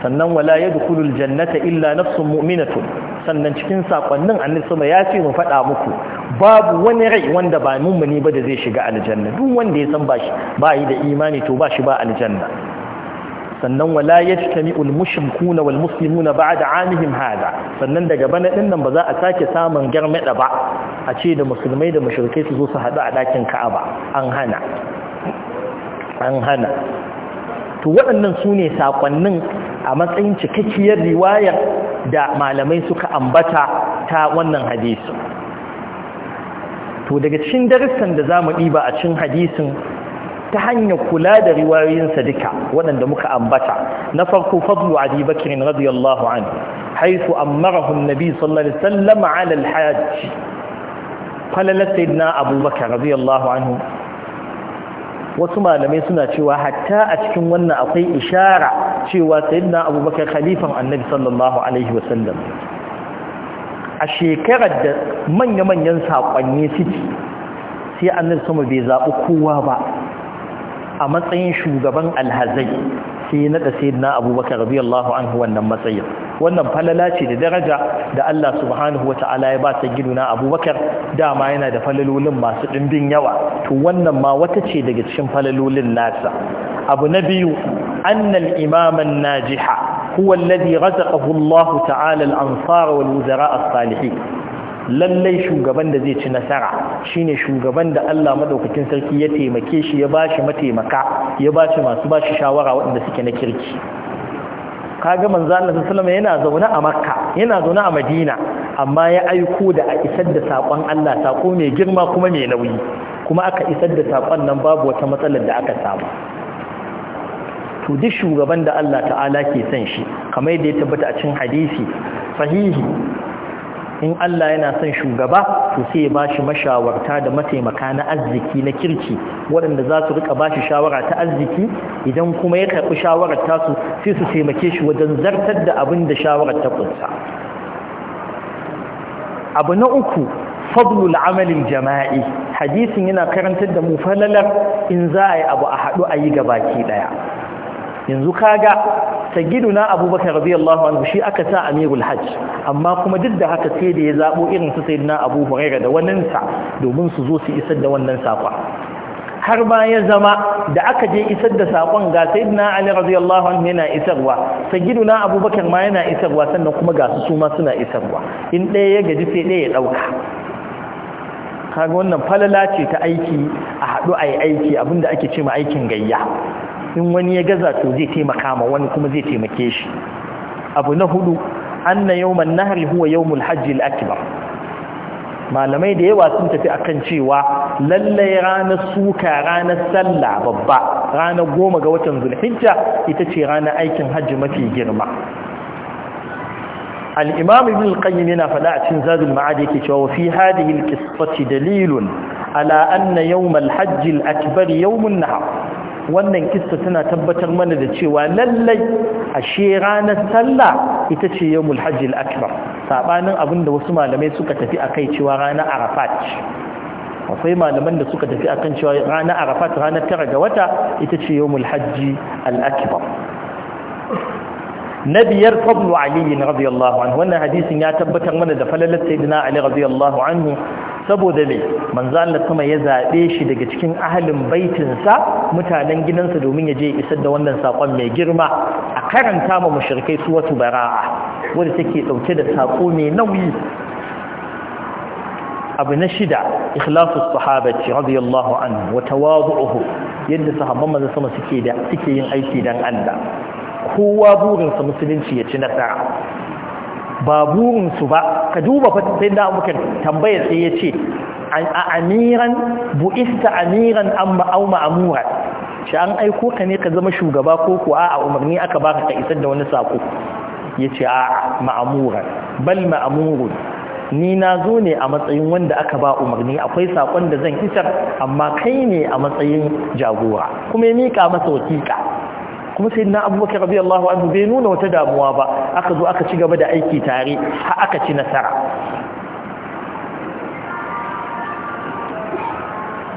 sannan wala yadkhulul jannata illa nafsun mu'minatun sannan cikin sakonnin annabi ya ce mu faɗa muku babu wani rai wanda ba mummuni ba da zai shiga aljanna duk wanda ya san ba ba yi da imani to bashi ba aljanna sannan wala ya yajtami'ul mushrikuna wal ba da 'amihim hada sannan daga bana ɗinnan ba za a sake samun garmada ba a ce da musulmai da mashirkai su zo su haɗu a ɗakin Ka'aba an hana an hana to waɗannan sune saƙonnin a matsayin cikakkiyar riwayar da malamai suka ambata ta wannan hadisi to daga cikin darussan da zamu diba a cikin hadisin ta hanyar kula da riwayoyinsa duka waɗanda muka ambata na farko fadlu abi bakr radiyallahu anhu haythu an an-nabi sallallahu alaihi wasallam ala al-hajj qala sayyidina abubakar radiyallahu anhu wasu malamai suna cewa hatta a cikin wannan akwai ishara cewa sayyidina abubakar khalifan annabi sallallahu alaihi wasallam a shekarar da manya-manyan saƙonni suke sai annabi sama bai zaɓi kowa ba a matsayin shugaban alhazai sai na da na abubakar radiyallahu an wannan matsayin wannan falala ce da daraja da Allah subhanahu ta'ala ya ba ta gidu na abubakar dama yana da falalolin masu ɗimbin yawa to wannan ma wata ce daga cikin falalolin nasa abu na biyu annal imaman najiha huwa alladhi razaqahu Allah ta'ala al-ansar wal wuzara as-salihin lallai shugaban da zai ci nasara shine shugaban da Allah madaukakin sarki ya taimake shi ya bashi mataimaka ya bashi masu bashi shawara waɗanda suke na kirki kaga manzo Allah sallallahu alaihi yana zaune a Makka yana zaune a Madina amma ya aiko da a isar da sakon Allah sako mai girma kuma mai nauyi kuma aka isar da sakon nan babu wata matsalar da aka samu to duk shugaban da Allah ta'ala ke son shi kamar yadda ya tabbata a cikin hadisi sahihi in Allah yana son shugaba to sai ya bashi mashawarta da mataimaka na arziki na kirki waɗanda za su rika bashi shawara ta arziki idan kuma ya karɓi shawarar tasu sai su taimake shi wajen zartar da abin da shawarar ta kunsa abu na uku fadlu amalin jama'i hadisin yana karantar da mu falalar in za a yi abu a haɗu a yi gabaki ɗaya yanzu kaga sayyiduna abubakar radiyallahu anhu shi aka sa amirul hajj amma kuma duk da haka sai da ya zaɓo irin su sayyidina abu huraira da wannan sa domin su zo su isar da wannan sako har ma ya zama da aka je isar da saƙon ga sayyidina ali radiyallahu anhu yana isarwa na abubakar ma yana isarwa sannan kuma ga su su ma suna isarwa in ɗaya ya gaji sai ɗaya ya ɗauka kaga wannan falala ce ta aiki a haɗu a yi aiki abinda ake ce ma aikin gayya in wani ya gaza to zai taimaka ma wani kuma zai taimake shi abu na hudu anna yawman nahri huwa yawmul hajjil akbar malamai da yawa sun tafi akan cewa lallai ranar suka ranar sallah babba ranar goma ga watan zulhijja ita ce ranar aikin hajji mafi girma al'imam ibn al-qayyim yana faɗa a cikin zadul ma'ad yake cewa wa fi hadhihi al dalilun ala anna yawm al-hajj al-akbar yawm nahar wannan kista tana tabbatar mana da cewa lallai ashe ranar sallah ita ce yawmul hajji al-akbar abinda wasu malamai suka tafi kai cewa ranar arafat akwai malaman da suka tafi akan cewa ranar arafat ranar tara ga wata ita ce yawmul hajji al-akbar na biyar na rabi radiyallahu anhu wannan hadisin ya tabbatar mana da falalar sayyidina ali radiyallahu anhu saboda me manzo kuma ya zabe shi daga cikin ahalin baitinsa mutanen gidansa domin ya je isar da wannan sakon mai girma a karanta ma su wasu bara'a wanda take dauke da sako mai nauyi abu na shida ikhlasus sahabati radiyallahu anhu wa tawadu'uhu yadda sahabban manzo sama suke da suke yin aiki dan Allah kowa burinsa musulunci ya ci nasara ba burinsu ba ka duba sai da abokan tambaya sai ya ce a amiran bu'ista amiran an au ma'amura shi an aiko ka ne ka zama shugaba ko kuwa a umarni aka baka ka isar da wani sako ya ce a ma'amura bal ma'amurun ni na zo ne a matsayin wanda aka ba umarni akwai sakon da zan isar amma kai ne a matsayin jagora kuma ya mika masa wakilka سيدنا ابو بكر abubakar radiyallahu anhu bai nuna wata damuwa ba aka zo aka ci gaba da aiki tare har aka ci nasara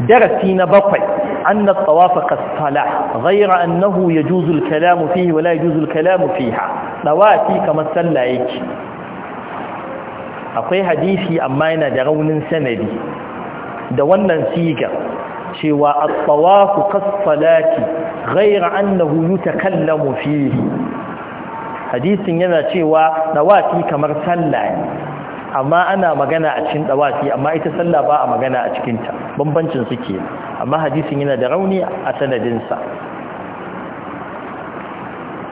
درسي نبقي أن الطواف كالصلاة غير أنه يجوز الكلام فيه ولا يجوز الكلام فيها نواتي كما سلعيك أقول حديثي أما أنا درون سندي wannan siga cewa at-tawafu kas-salati ghayra annahu yutakallamu fihi hadisin yana cewa dawafi kamar sallah amma ana magana a cikin dawafi amma ita sallah ba a magana a cikin ta bambancin su amma hadisin yana da rauni a sanadinsa.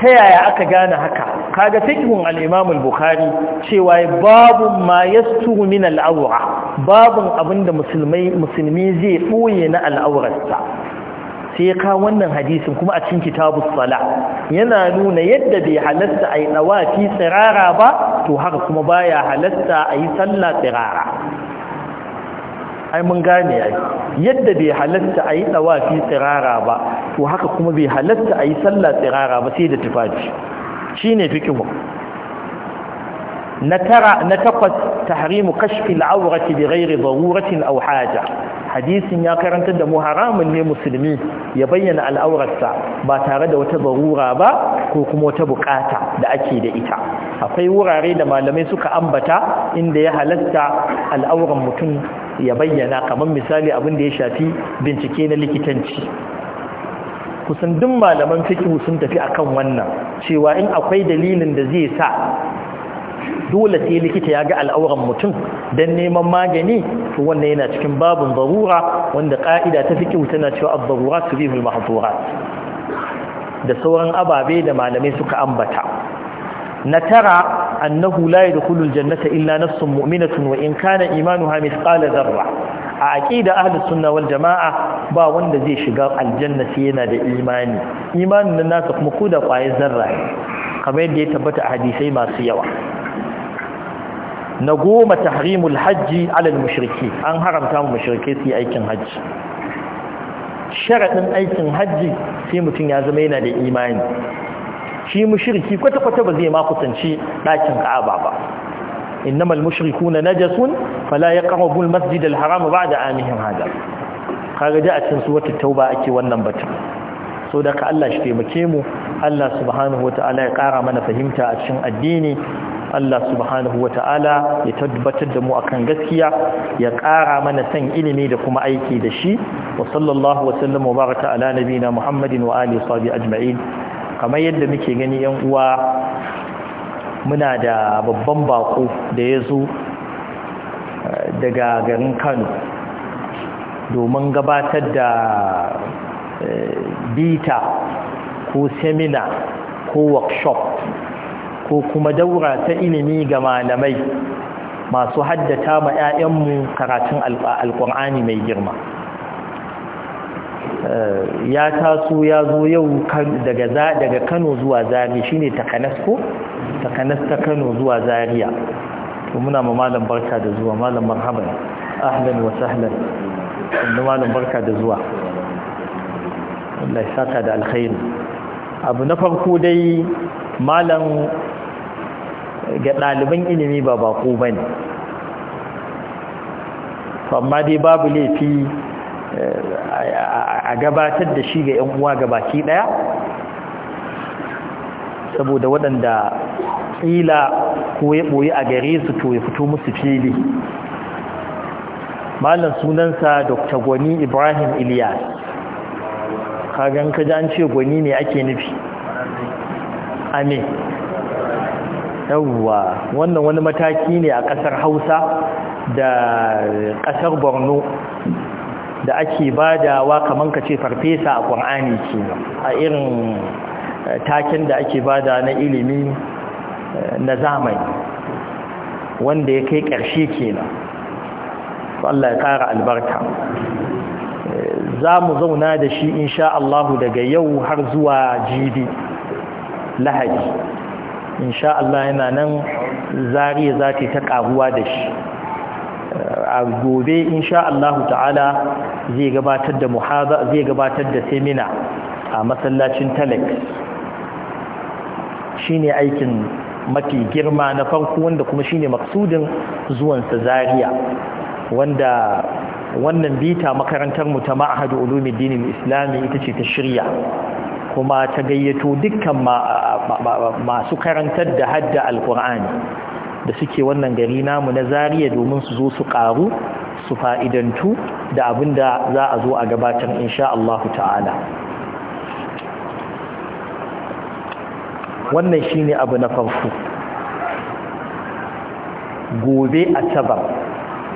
ta yaya aka gane haka kaga fiqhun al-Imam bukhari cewa babu ma yastuhu min al-awra abinda musulmai musulmi zai boye na al-awrarsa sai ka wannan hadisin kuma a cikin kitabus sala yana nuna yadda bai halatta ayi dawafi tsirara ba to haka kuma baya halatta ayi sallah tsirara ai mun gane ai yadda bai halatta ayi dawafi tsirara ba to haka kuma bai halatta ayi sallah tsirara ba sai da tufafi shine fikihu na tara na takwas tahrimu kashfi al-awrati bighairi daruratin aw haja hadisin ya karantar da mu haramun ne musulmi ya bayyana al'aurarsa ba tare da wata barura ba ko kuma wata bukata da ake da ita akwai wurare da malamai suka ambata inda ya halatta al'auran mutum ya bayyana kamar misali abin da ya shafi bincike na likitanci kusan duk malaman fikihu sun tafi akan wannan cewa in akwai dalilin da zai sa dole sai likita ya ga al'auran mutum dan neman magani to wannan yana cikin babun zarura wanda ka'ida ta fikihu tana cewa az tubihu al mahdhurat da sauran ababe da malamai suka ambata na tara annahu da yadkhulul jannata illa nafsun mu'minatun wa in kana imanuha mithqala dharra a aqida ahli sunna wal jamaa ba wanda zai shiga aljanna sai yana da imani imanin nan nasa kuma ko da kwaye zarra kamar yadda ya tabbata hadisai masu yawa na goma tahrimul hajji alal mushriki an haramta mu mushrike su yi aikin hajji sharaɗin aikin hajji sai mutum ya zama yana da imani shi mushriki kwata-kwata ba zai ma kusanci ɗakin ka'aba ba innamal mushrikuna najasun fala yaqrabu al-masjid al-haram ba'da amihim hada kaga da a cikin suratul tauba ake wannan batun so da ka Allah shi taimake mu Allah subhanahu wataala ya kara mana fahimta a cikin addini Allah subhanahu wa ta'ala ya tabbatar da mu akan gaskiya ya ƙara mana san ilimi da kuma aiki da shi wa sallallahu wa sallam wa baraka ala nabina Muhammadin wa alihi wa ajma'in kamar yadda muke gani yan uwa muna da babban bako da ya zo eh, daga garin kano domin gabatar da eh, bita ko semina ko workshop ko kuma daura ta ilimi ga malamai masu haddata ma 'ya'yanmu karatun alkur'ani mai girma Eh, ya taso ya zo yau daga kano zuwa zariya shine takanas ko takanas ta kano zuwa zariya to muna ma malam barka da zuwa malam marhaban ahlan wa sahlan inda malam barka da zuwa wallahi saka da alkhair abu na farko dai malam ga ɗaliban ilimi ba bako bane amma dai babu laifi a gabatar da shi ga 'yan uwa baki ɗaya saboda waɗanda ƙila ko ya ɓoye a gare su to ya fito musu fili malam sunansa dr gwani ibrahim iliyas kagan kaji an ce gwani ne ake nufi ame yawwa wannan wani mataki ne a ƙasar hausa da ƙasar borno da ake badawa kamar ka ce farfesa a ƙwar'ani ce a irin eh, taken da ake bada na ilimi eh, na zamani wanda ya kai ƙarshe kenan Allah ya ƙara albarka eh, za mu zauna da shi insha daga yau har zuwa jibi lahadi insha Allah yana nan zariya za ta ƙaruwa da shi a gobe insha Allah ta'ala zai gabatar da muhaza zai gabatar da semina a masallacin Talak shine aikin mafi girma na farko wanda kuma shine maksudin zuwansa Zaria wanda wannan bita makarantar mu ta Ma'had Ulumuddin Islami ita ce ta shirya kuma ta gayyato dukkan masu karantar da hadda Alƙur'ani da suke wannan gari namu na zariya domin su zo su ƙaru su fa'idantu da abin da za a zo a gabatar insha Allah ta'ala wannan shi ne abu na farko gobe a tabar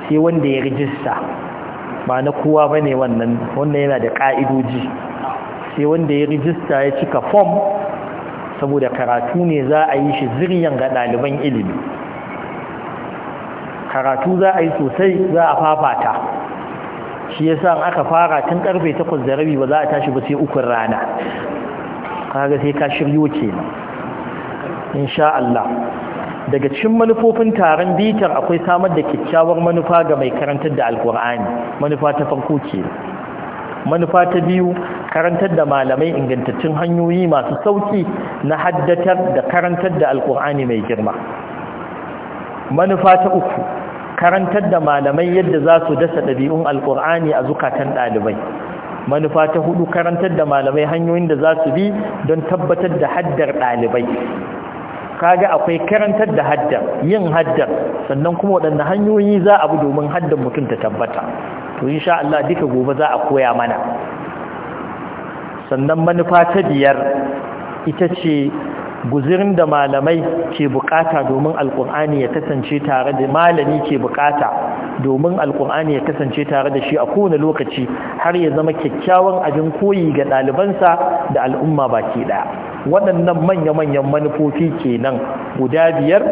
sai wanda ya rijista ba na kowa ba ne wannan wannan yana da ƙa'idoji sai wanda ya rijista ya cika fom saboda karatu ne za a yi shi ziryan ga ɗaliban ilimi karatu za a yi sosai za a fafata shi ya yasa aka fara tun karfe 8 da rabi ba za a tashi ba sai ukun rana kaga sai ka shiryo kenan insha Allah daga cikin manufofin taron bitar akwai samar da kyakkyawar manufa ga mai karantar da alkur'ani manufa ta farko ce manufa ta biyu karantar da malamai ingantaccen hanyoyi masu sauki na haddatar da karantar da alkur'ani mai girma manufa ta uku karantar da malamai yadda za su dasa ɗabi'un alƙur'ani a zukatan ɗalibai manufa ta hudu karantar da malamai hanyoyin da za su bi don tabbatar da haddar ɗalibai kaga akwai karantar da haddar yin haddar sannan kuma waɗanda hanyoyi za a bi domin haddar mutum ta tabbata to insha Allah duka gobe za a koya mana sannan manufa ta biyar ita ce guzirin da malamai ke bukata domin alkur'ani ya kasance tare da malami ke bukata domin alkur'ani ya kasance tare da shi a kowane lokaci har ya zama kyakkyawan abin koyi ga ɗalibansa da al'umma baki ɗaya waɗannan manya-manyan manufofi kenan guda biyar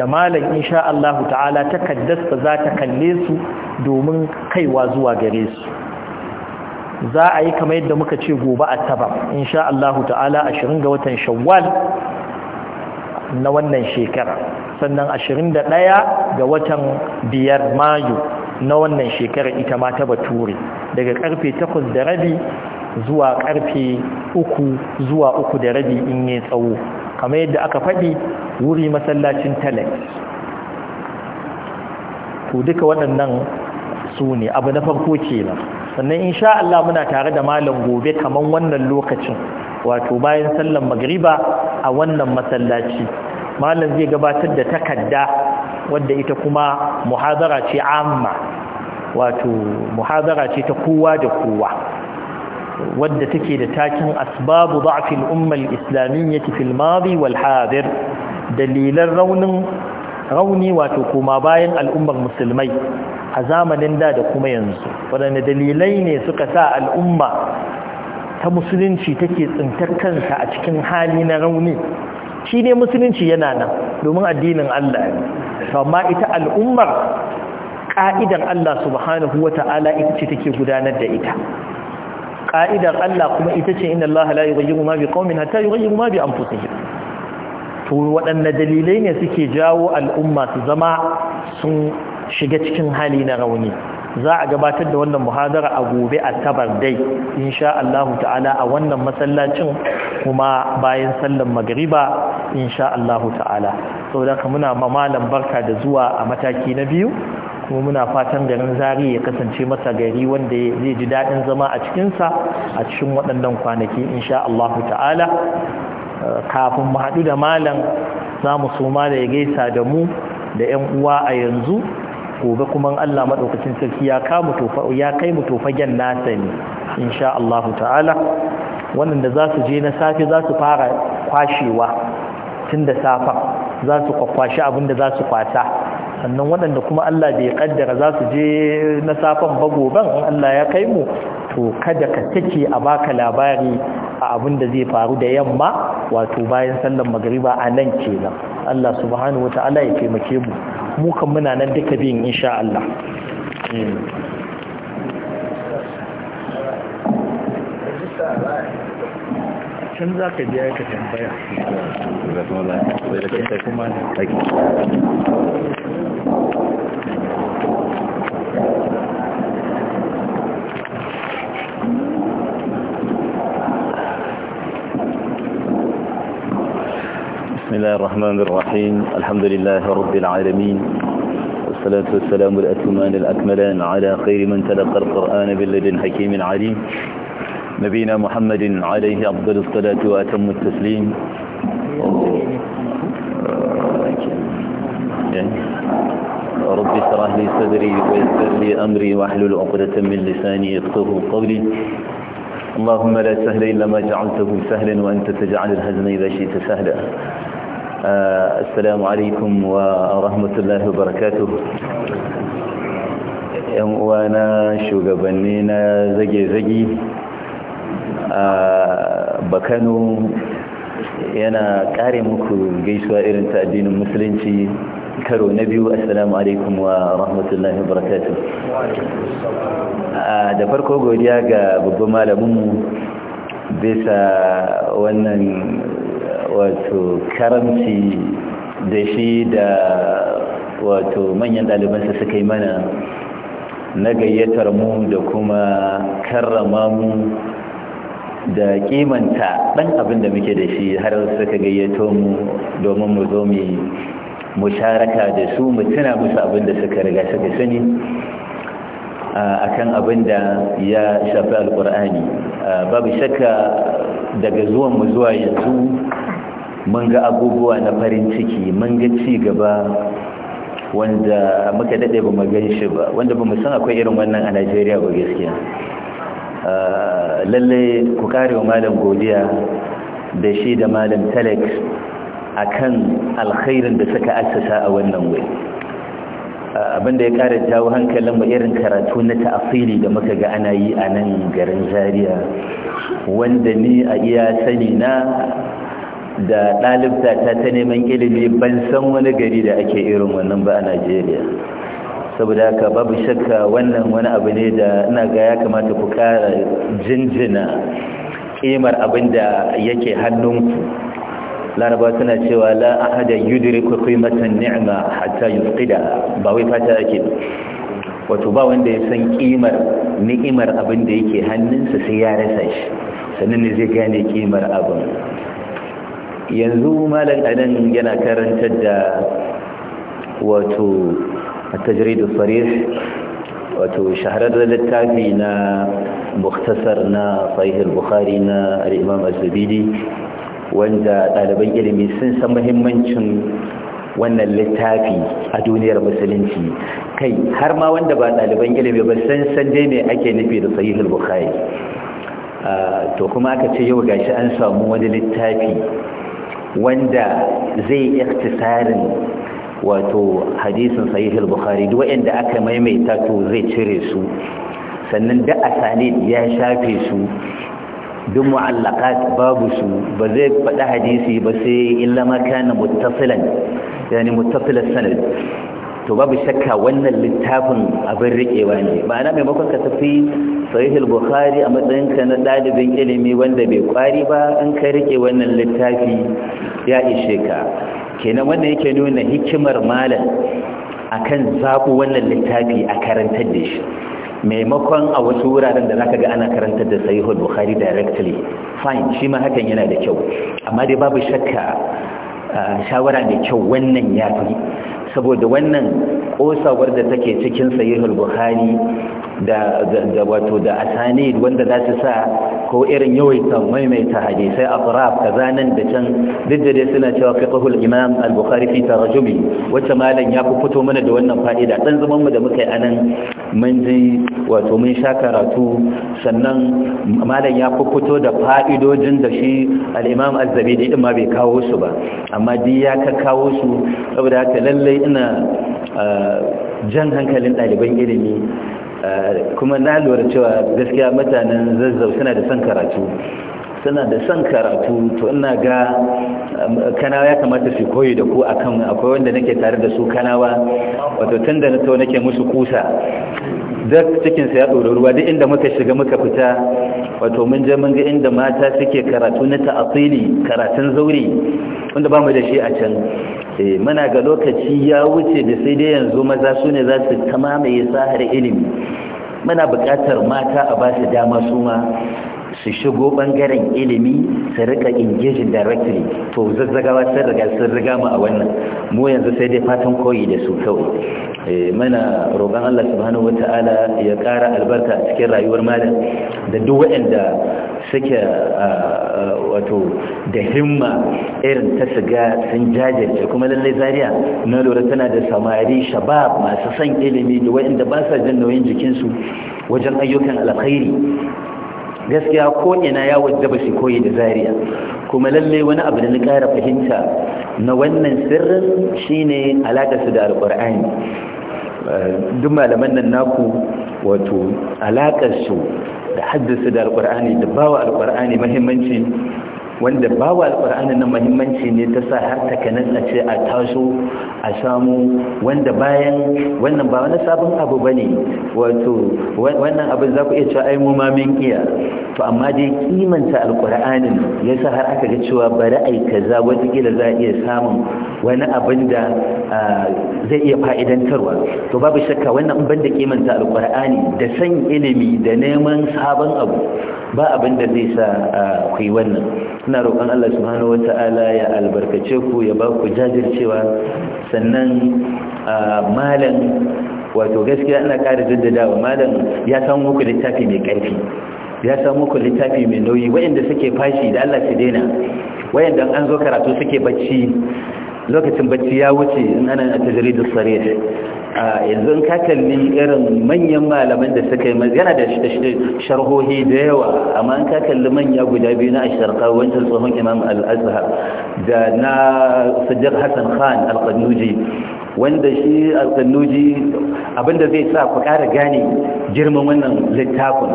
da malam insha Allah ta'ala ta ba za ta kalle su domin kaiwa zuwa gare su za a yi kamar yadda muka ce gobe a taba insha Allah ta'ala 20 ga watan shawwal na wannan shekara sannan 21 ga watan biyar mayu na wannan shekara ita ma ta bature daga karfe takwas da rabi zuwa karfe uku zuwa 3 da rabi in yi tsawo kamar yadda aka faɗi wuri masallacin talent to duka waɗannan su ne abu na farko kenan sannan insha Allah muna tare da malam gobe kaman wannan lokacin wato bayan sallan magriba a wannan masallaci malam zai gabatar da takarda wadda ita kuma muhadara ce amma wato muhadara ce ta kowa da kowa wadda take da takin asbabu da'fil ummal islamiyyati fil madi wal hadir dalilan raunin rauni wato koma bayan al'ummar musulmai a zamanin da da kuma yanzu waɗanda dalilai ne suka sa al'umma ta musulunci take tsintar kansa a cikin hali na rauni shi ne musulunci yana nan domin addinin Allah ne amma ita al'ummar ƙa'idar Allah subhanahu wa ta'ala ita ce take gudanar da ita ƙa'idar Allah kuma ita ce inna Allah la yughayyiru ma biqaumin hatta yughayyiru ma bi anfusihim to waɗanne dalilai ne suke jawo al'umma su zama sun shiga cikin hali na rauni za a gabatar da wannan muhadara a gobe a tabar dai insha Allah ta'ala a wannan masallacin kuma bayan sallan magriba insha Allah ta'ala saboda muna ma malam barka da zuwa a mataki na biyu kuma muna fatan garin zari ya kasance masa gari wanda zai ji daɗin zama a cikinsa a cikin waɗannan kwanaki insha Allah ta'ala kafin mu haɗu da malam za mu so da ya gaisa da mu da 'yan uwa a yanzu gobe kuma Allah maɗaukacin sarki ya kai mu tofagen nasa ne insha Allah ta'ala waɗanda za su je na safe za su fara kwashewa tun da safan za su kwakwashi abin da za su kwata sannan waɗanda kuma Allah bai kaddara za su je na safan ba gobe in Allah ya kai mu wato kada ka take a baka labari a abin da zai faru da yamma wato bayan sallar magariba a nan ke kenan Allah subhanahu wata'ala ya taimake mu mu kan muna nan duka bin insha Allah can za ka biya ka tambaya بسم الله الرحمن الرحيم الحمد لله رب العالمين والصلاة والسلام الأتمان الأكملان على خير من تلقى القرآن باللدن حكيم عليم نبينا محمد عليه أفضل الصلاة وأتم التسليم رب اشرح لي صدري ويسر لي أمري واحلل عقدة من لساني يفقه قولي اللهم لا سهل إلا ما جعلته سهلا وأنت تجعل الهزم إذا شئت سهلا alaikum wa rahmatullahi wa وبركاته yan uwana shugabanni na zage-zage a bakano yana kare muku gaisuwa irin ta addinin musulunci karo na biyu assalamu alaikum wa rahmatullahi wa barakatuh da farko godiya ga babban malaminmu bisa wannan wato karamci da shi da wato manyan ɗalibansa suka yi mana na gayyatar mu da kuma karrama mu da kimanta ɗan abin da muke da shi har suka gayyato mu domin mu zo mu musharaka da su mu tuna musu abin da suka riga suka sani akan abin da ya shafi alkur'ani babu shakka daga zuwan mu zuwa yanzu mun ga abubuwa na farin ciki mun ga ci wanda muka dade ba mu gan shi ba wanda ba mu san akwai irin wannan a Najeriya ba gaskiya ah, lalle ku karewa malam godiya da shi da malam Telex akan alkhairin da suka assasa a wannan wuri ah, abinda ya kare jawo hankalin mu irin karatu na ta'asiri da muka ga ana yi a nan garin Zaria wanda ni a iya sani na da ɗalibta ta ta neman ilimi ban san wani gari da ake irin wannan ba a najeriya saboda ka babu shakka wannan wani abu ne da ina ga ya kamata ku kara jinjina ƙimar abin da yake hannunku laraba suna cewa la ahada yudriku qimatan ni'ma hatta yufqida ba wai fata ake wato ba wanda ya san kimar ni'imar abin da yake hannunsa sai ya rasa shi sannan ne zai gane ƙimar abin yanzu malam anan yana karantar da wato tajridu sarih wato shahararren littafi na muktasar na sahihul bukhari na al-imam az-zubidi wanda ɗaliban ilimi sun san muhimmancin wannan littafi a duniyar musulunci kai har ma wanda ba ɗaliban ilimi ba san san dai ne ake nufi da sahihul bukhari ah, to kuma aka ce yau gashi an samu wani littafi wanda zai iktisarin wato hadisin sahih al-bukhari duk wanda aka maimaita to zai cire su sannan da asanid ya shafe su duk mu'allaqat babu su ba zai faɗi hadisi ba sai illa ma kana muttasilan yani muttasil sanad to babu shakka wannan littafin abin riƙewa ne ma'ana maimakon ka tafi sahihul bukhari a matsayin ka na ɗalibin ilimi wanda bai kwari ba an ka riƙe wannan littafi ya ishe ka kenan wannan yake nuna hikimar malam akan zabu wannan littafi a karantar da shi maimakon a wasu wuraren da zaka ga ana karantar da sahihul bukhari directly fine shi ma hakan yana da kyau amma dai babu shakka ah, shawara mai kyau wannan ya fi saboda wannan kosawar da take cikin sahihul Buhari, da da wato da asanid wanda za su sa ko irin yawaita maimaita hadisai afraf kaza nan da can duk da dai suna cewa fiqhul imam al-bukhari fi tarjumi wacce malam ya ku fito mana da wannan fa'ida dan zaman mu da muka yi anan mun ji wato mun sha karatu sannan malam ya ku fito da fa'idojin da shi al-imam az-zabidi din ma bai kawo su ba amma dai ya ka kawo su saboda haka lallai ina jan hankalin ɗaliban ilimi kuma na lura cewa gaskiya mutanen zazzau suna da son karatu suna da son karatu to ina ga um, kanawa ya kamata su koyi da ku akan akwai wanda nake tare da su kanawa wato tun da na nake musu kusa duk cikinsa ya dora ruwa duk inda muka shiga muka fita wato mun je mun ga inda mata suke karatu na ta'asili karatun zauri wanda ba mu da shi a can eh, muna ga lokaci ya wuce da sai dai yanzu maza su ne za su tamamaye sahar ilimi muna buƙatar mata a ba su dama su ma su shigo bangaren ilimi su rika engaging directly to zazzagawa sun riga sun riga mu a wannan mu yanzu sai dai fatan koyi da su kawai eh, mana roƙon Allah subhanahu wataala ya ƙara albarka a cikin rayuwar malam da duk waɗanda suke wato da himma irin ta shiga sun jajirce kuma lallai zaria na lura tana da samari shabab masu son ilimi da waɗanda ba sa jin nauyin jikinsu wajen ayyukan alkhairi gaskiya ko ina ya wajaba shi koyi da zariya kuma lalle wani abu da na ƙara fahimta na wannan sirrin shine alaƙar su da alƙur'ani eh, duk malaman nan naku wato alaƙar su da haddasa da alƙur'ani da bawa alƙur'ani muhimmanci wanda wa alƙar'anin na muhimmanci ne ta sa har ta kanan a ce a taso a samu wanda bayan wannan ba wani sabon abu ba ne wato wannan abin za ku iya cewa ai mu ma min iya to amma dai kimanta alƙar'anin ya sa har aka ga cewa bari yi kaza wataƙila za a iya samun wani abin da zai iya fa'idantarwa to babu shakka wannan ban da kimanta alƙur'ani da san ilimi da neman sabon abu ba abin da zai sa ku yi wannan suna roƙon Allah subhanahu ta'ala ya albarkace ku ya ba ku jajircewa sannan malam wato gaskiya ana ƙara jaddadawa malam ya san muku littafi mai ƙarfi ya san muku littafi mai nauyi wayanda suke fashi da Allah su daina wayanda an zo karatu suke bacci lokacin bacci ya wuce in ana a tajridus sarih yanzu ka kalli irin manyan malaman da suka yi yana da sharhohi da yawa amma in ka kalli manya guda biyu na asharka wancan tsohon imam al-azhar da na sajjar hassan khan al-qanuji wanda shi al-qanuji abinda zai sa ku kara gane girman wannan littafin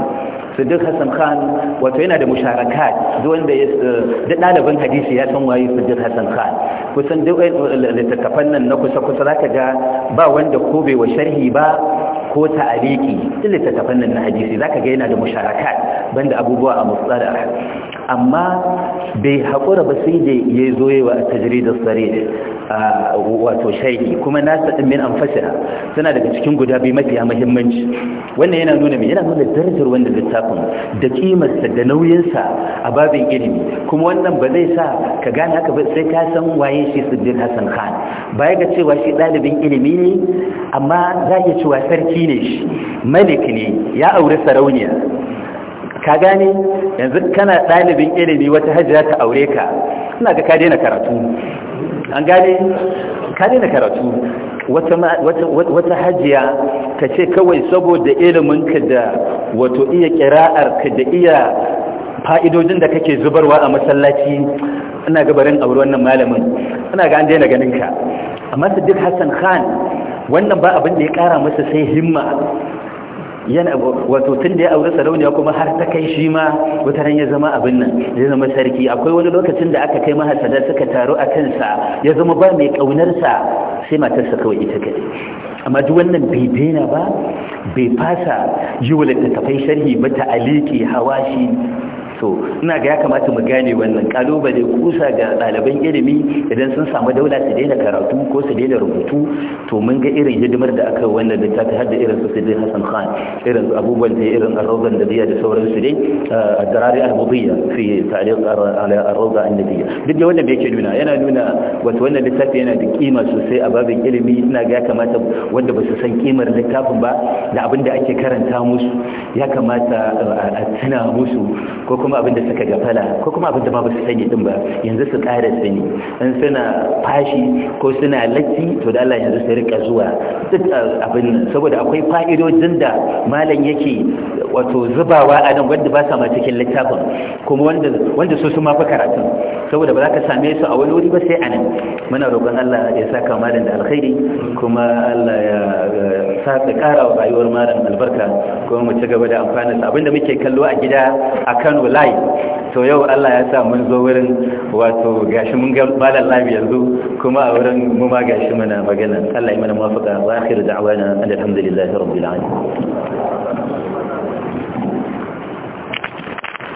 siddiq hassan khan wato yana da musharakat duk wanda ya eh, da ɗaliban hadisi ya san waye siddiq hassan khan kusan duk eh, littattafan nan na kusa kusa zaka ga ba wanda ko bai wa sharhi ba ko ta'aliki duk littattafan nan na hadisi zaka ga yana da musharakat banda abubuwa a musala amma bai haƙura ba sai da ya zo yi wa tajridar sare wato shaiki kuma nasa ɗin min amfasira suna daga cikin guda biyu mafiya muhimmanci wannan yana nuna mai yana nuna darajar wanda littafin da kimarsa da nauyinsa a babin ilimi kuma wannan ba zai sa ka gane haka ba sai ka san waye shi Siddin Hassan Khan baya ga cewa shi ɗalibin ilimi ne amma za iya cewa sarki ne shi malik ne ya aure sarauniya ka gane yanzu kana ɗalibin ilimi wata hajjata ta aure ka suna ga ka daina karatu an gane ka daina karatu wata hajiya ka ce kawai saboda iliminka da wato iya ka da iya fa'idojin da kake zubarwa a masallaci ina gabarin aure wannan malamin ina ga an daina ganinka amma siddiq hassan khan wannan ba abin da ya kara masa sai himma yana wato tun da ya aure sarauniya kuma har ta kai shi ma wata ran ya zama abin nan ya zama sarki akwai wani lokacin da aka kai mahasada suka taru a kansa ya zama ba mai kaunarsa sai matarsa kawai ita kadai. amma duk wannan bai daina ba bai fasa yi wa littattafai sharhi mata, aliki hawashi so ina ga ya kamata mu gane wannan kalubale kusa ga ɗaliban ilimi idan sun samu daula su daina karatu ko su daina rubutu to mun ga irin hidimar da aka wannan da har da irin su Sidi Hassan Khan irin abubuwan da irin arrozan da biya da sauran su dai darari al-mudiyya fi ta'liq ala arroza annabiyya duk da wannan yake nuna yana nuna wato wannan littafi yana da kima sosai a babin ilimi ina ga ya kamata wanda ba su san kimar littafin ba da abin da ake karanta musu ya kamata a tuna musu ko kuma kuma abin da suka gafala ko kuma abin da ba su sani din ba yanzu su ƙara sani in suna fashi ko suna latti to da Allah yanzu sai rika zuwa duk ah, abin saboda akwai fa'idojin da malam yake wato zubawa a nan wanda ba sa ma cikin littafin kuma wanda wanda su su ma fa karatun saboda ba za ka same su a wani wuri ba sai a nan muna roƙon Allah ya saka malam da alkhairi kuma Allah ya saka ƙara wa rayuwar malam albarka kuma mu ci gaba da amfani da abinda muke kallo a gida a Kano live to yau Allah ya sa mun zo wurin wato gashi mun ga malam live yanzu kuma a wurin mu ma gashi muna magana Allah ya mana muwafaqa wa akhiru da'wana alhamdulillahi rabbil alamin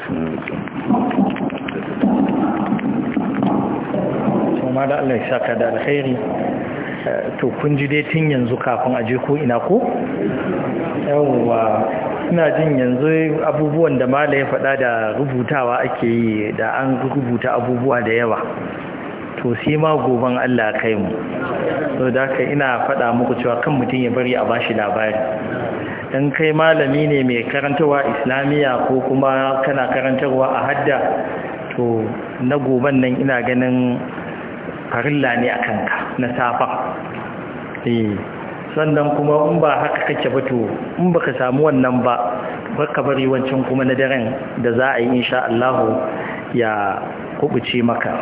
Thank you. mala Allah ya saka da alkhairi to kun ji dai tun yanzu kafin a je ko ina ko yawwa ina jin yanzu abubuwan da mala ya faɗa da rubutawa ake yi da an rubuta abubuwa da yawa to sai ma goban Allah kai mu so da haka ina faɗa muku cewa kan mutum ya bari a bashi labari in kai malami ne mai karantawa islamiyya ko kuma kana karantarwa a hadda to na goban nan ina ganin farilla ne a kanka na safa eh, sannan kuma in ba haka kake fito in baka samu wannan ba baka bari wancan kuma na daren da za a yi insha Allah ya kubuce maka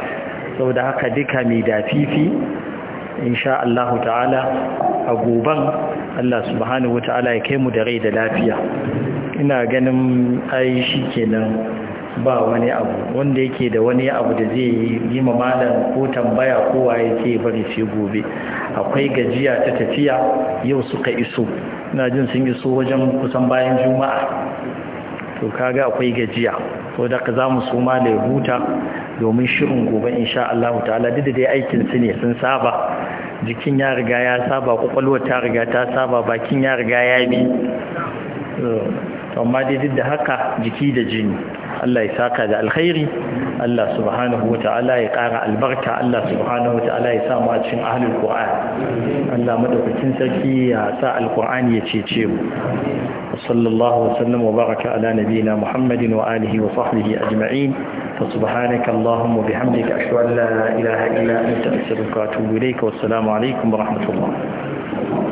saboda haka duka mai dafifi insha Allah ta'ala a goban Allah subhanahu wa ta'ala ya kai mu da rai da lafiya ina ganin ai kenan ba wani abu wanda yake da wani abu da zai yi ma malam ko tambaya kowa ya ce bari ce gobe akwai gajiya ta tafiya yau suka iso na jin sun iso wajen kusan bayan juma'a to kaga akwai gajiya so da ka zamu so ma da huta domin shirin gobe insha Allah ta'ala duk da dai aikin su ne sun saba jikin ya riga ya saba kwakwalwar ta riga ta saba bakin ya riga ya bi amma dai duk da haka jiki da jini Allah ya saka da alkhairi Allah subhanahu ta'ala ya ƙara albarka Allah subhanahu ta'ala ya sa mu a cikin ahlul qur'an Allah madaukakin sarki ya sa alqur'ani ya cece mu sallallahu wasallam wa baraka ala nabiyyina Muhammadin wa alihi wa sahbihi ajma'in فسبحانك اللهم وبحمدك أشهد أن لا إله إلا أنت أستغفرك وأتوب إليك والسلام عليكم ورحمة الله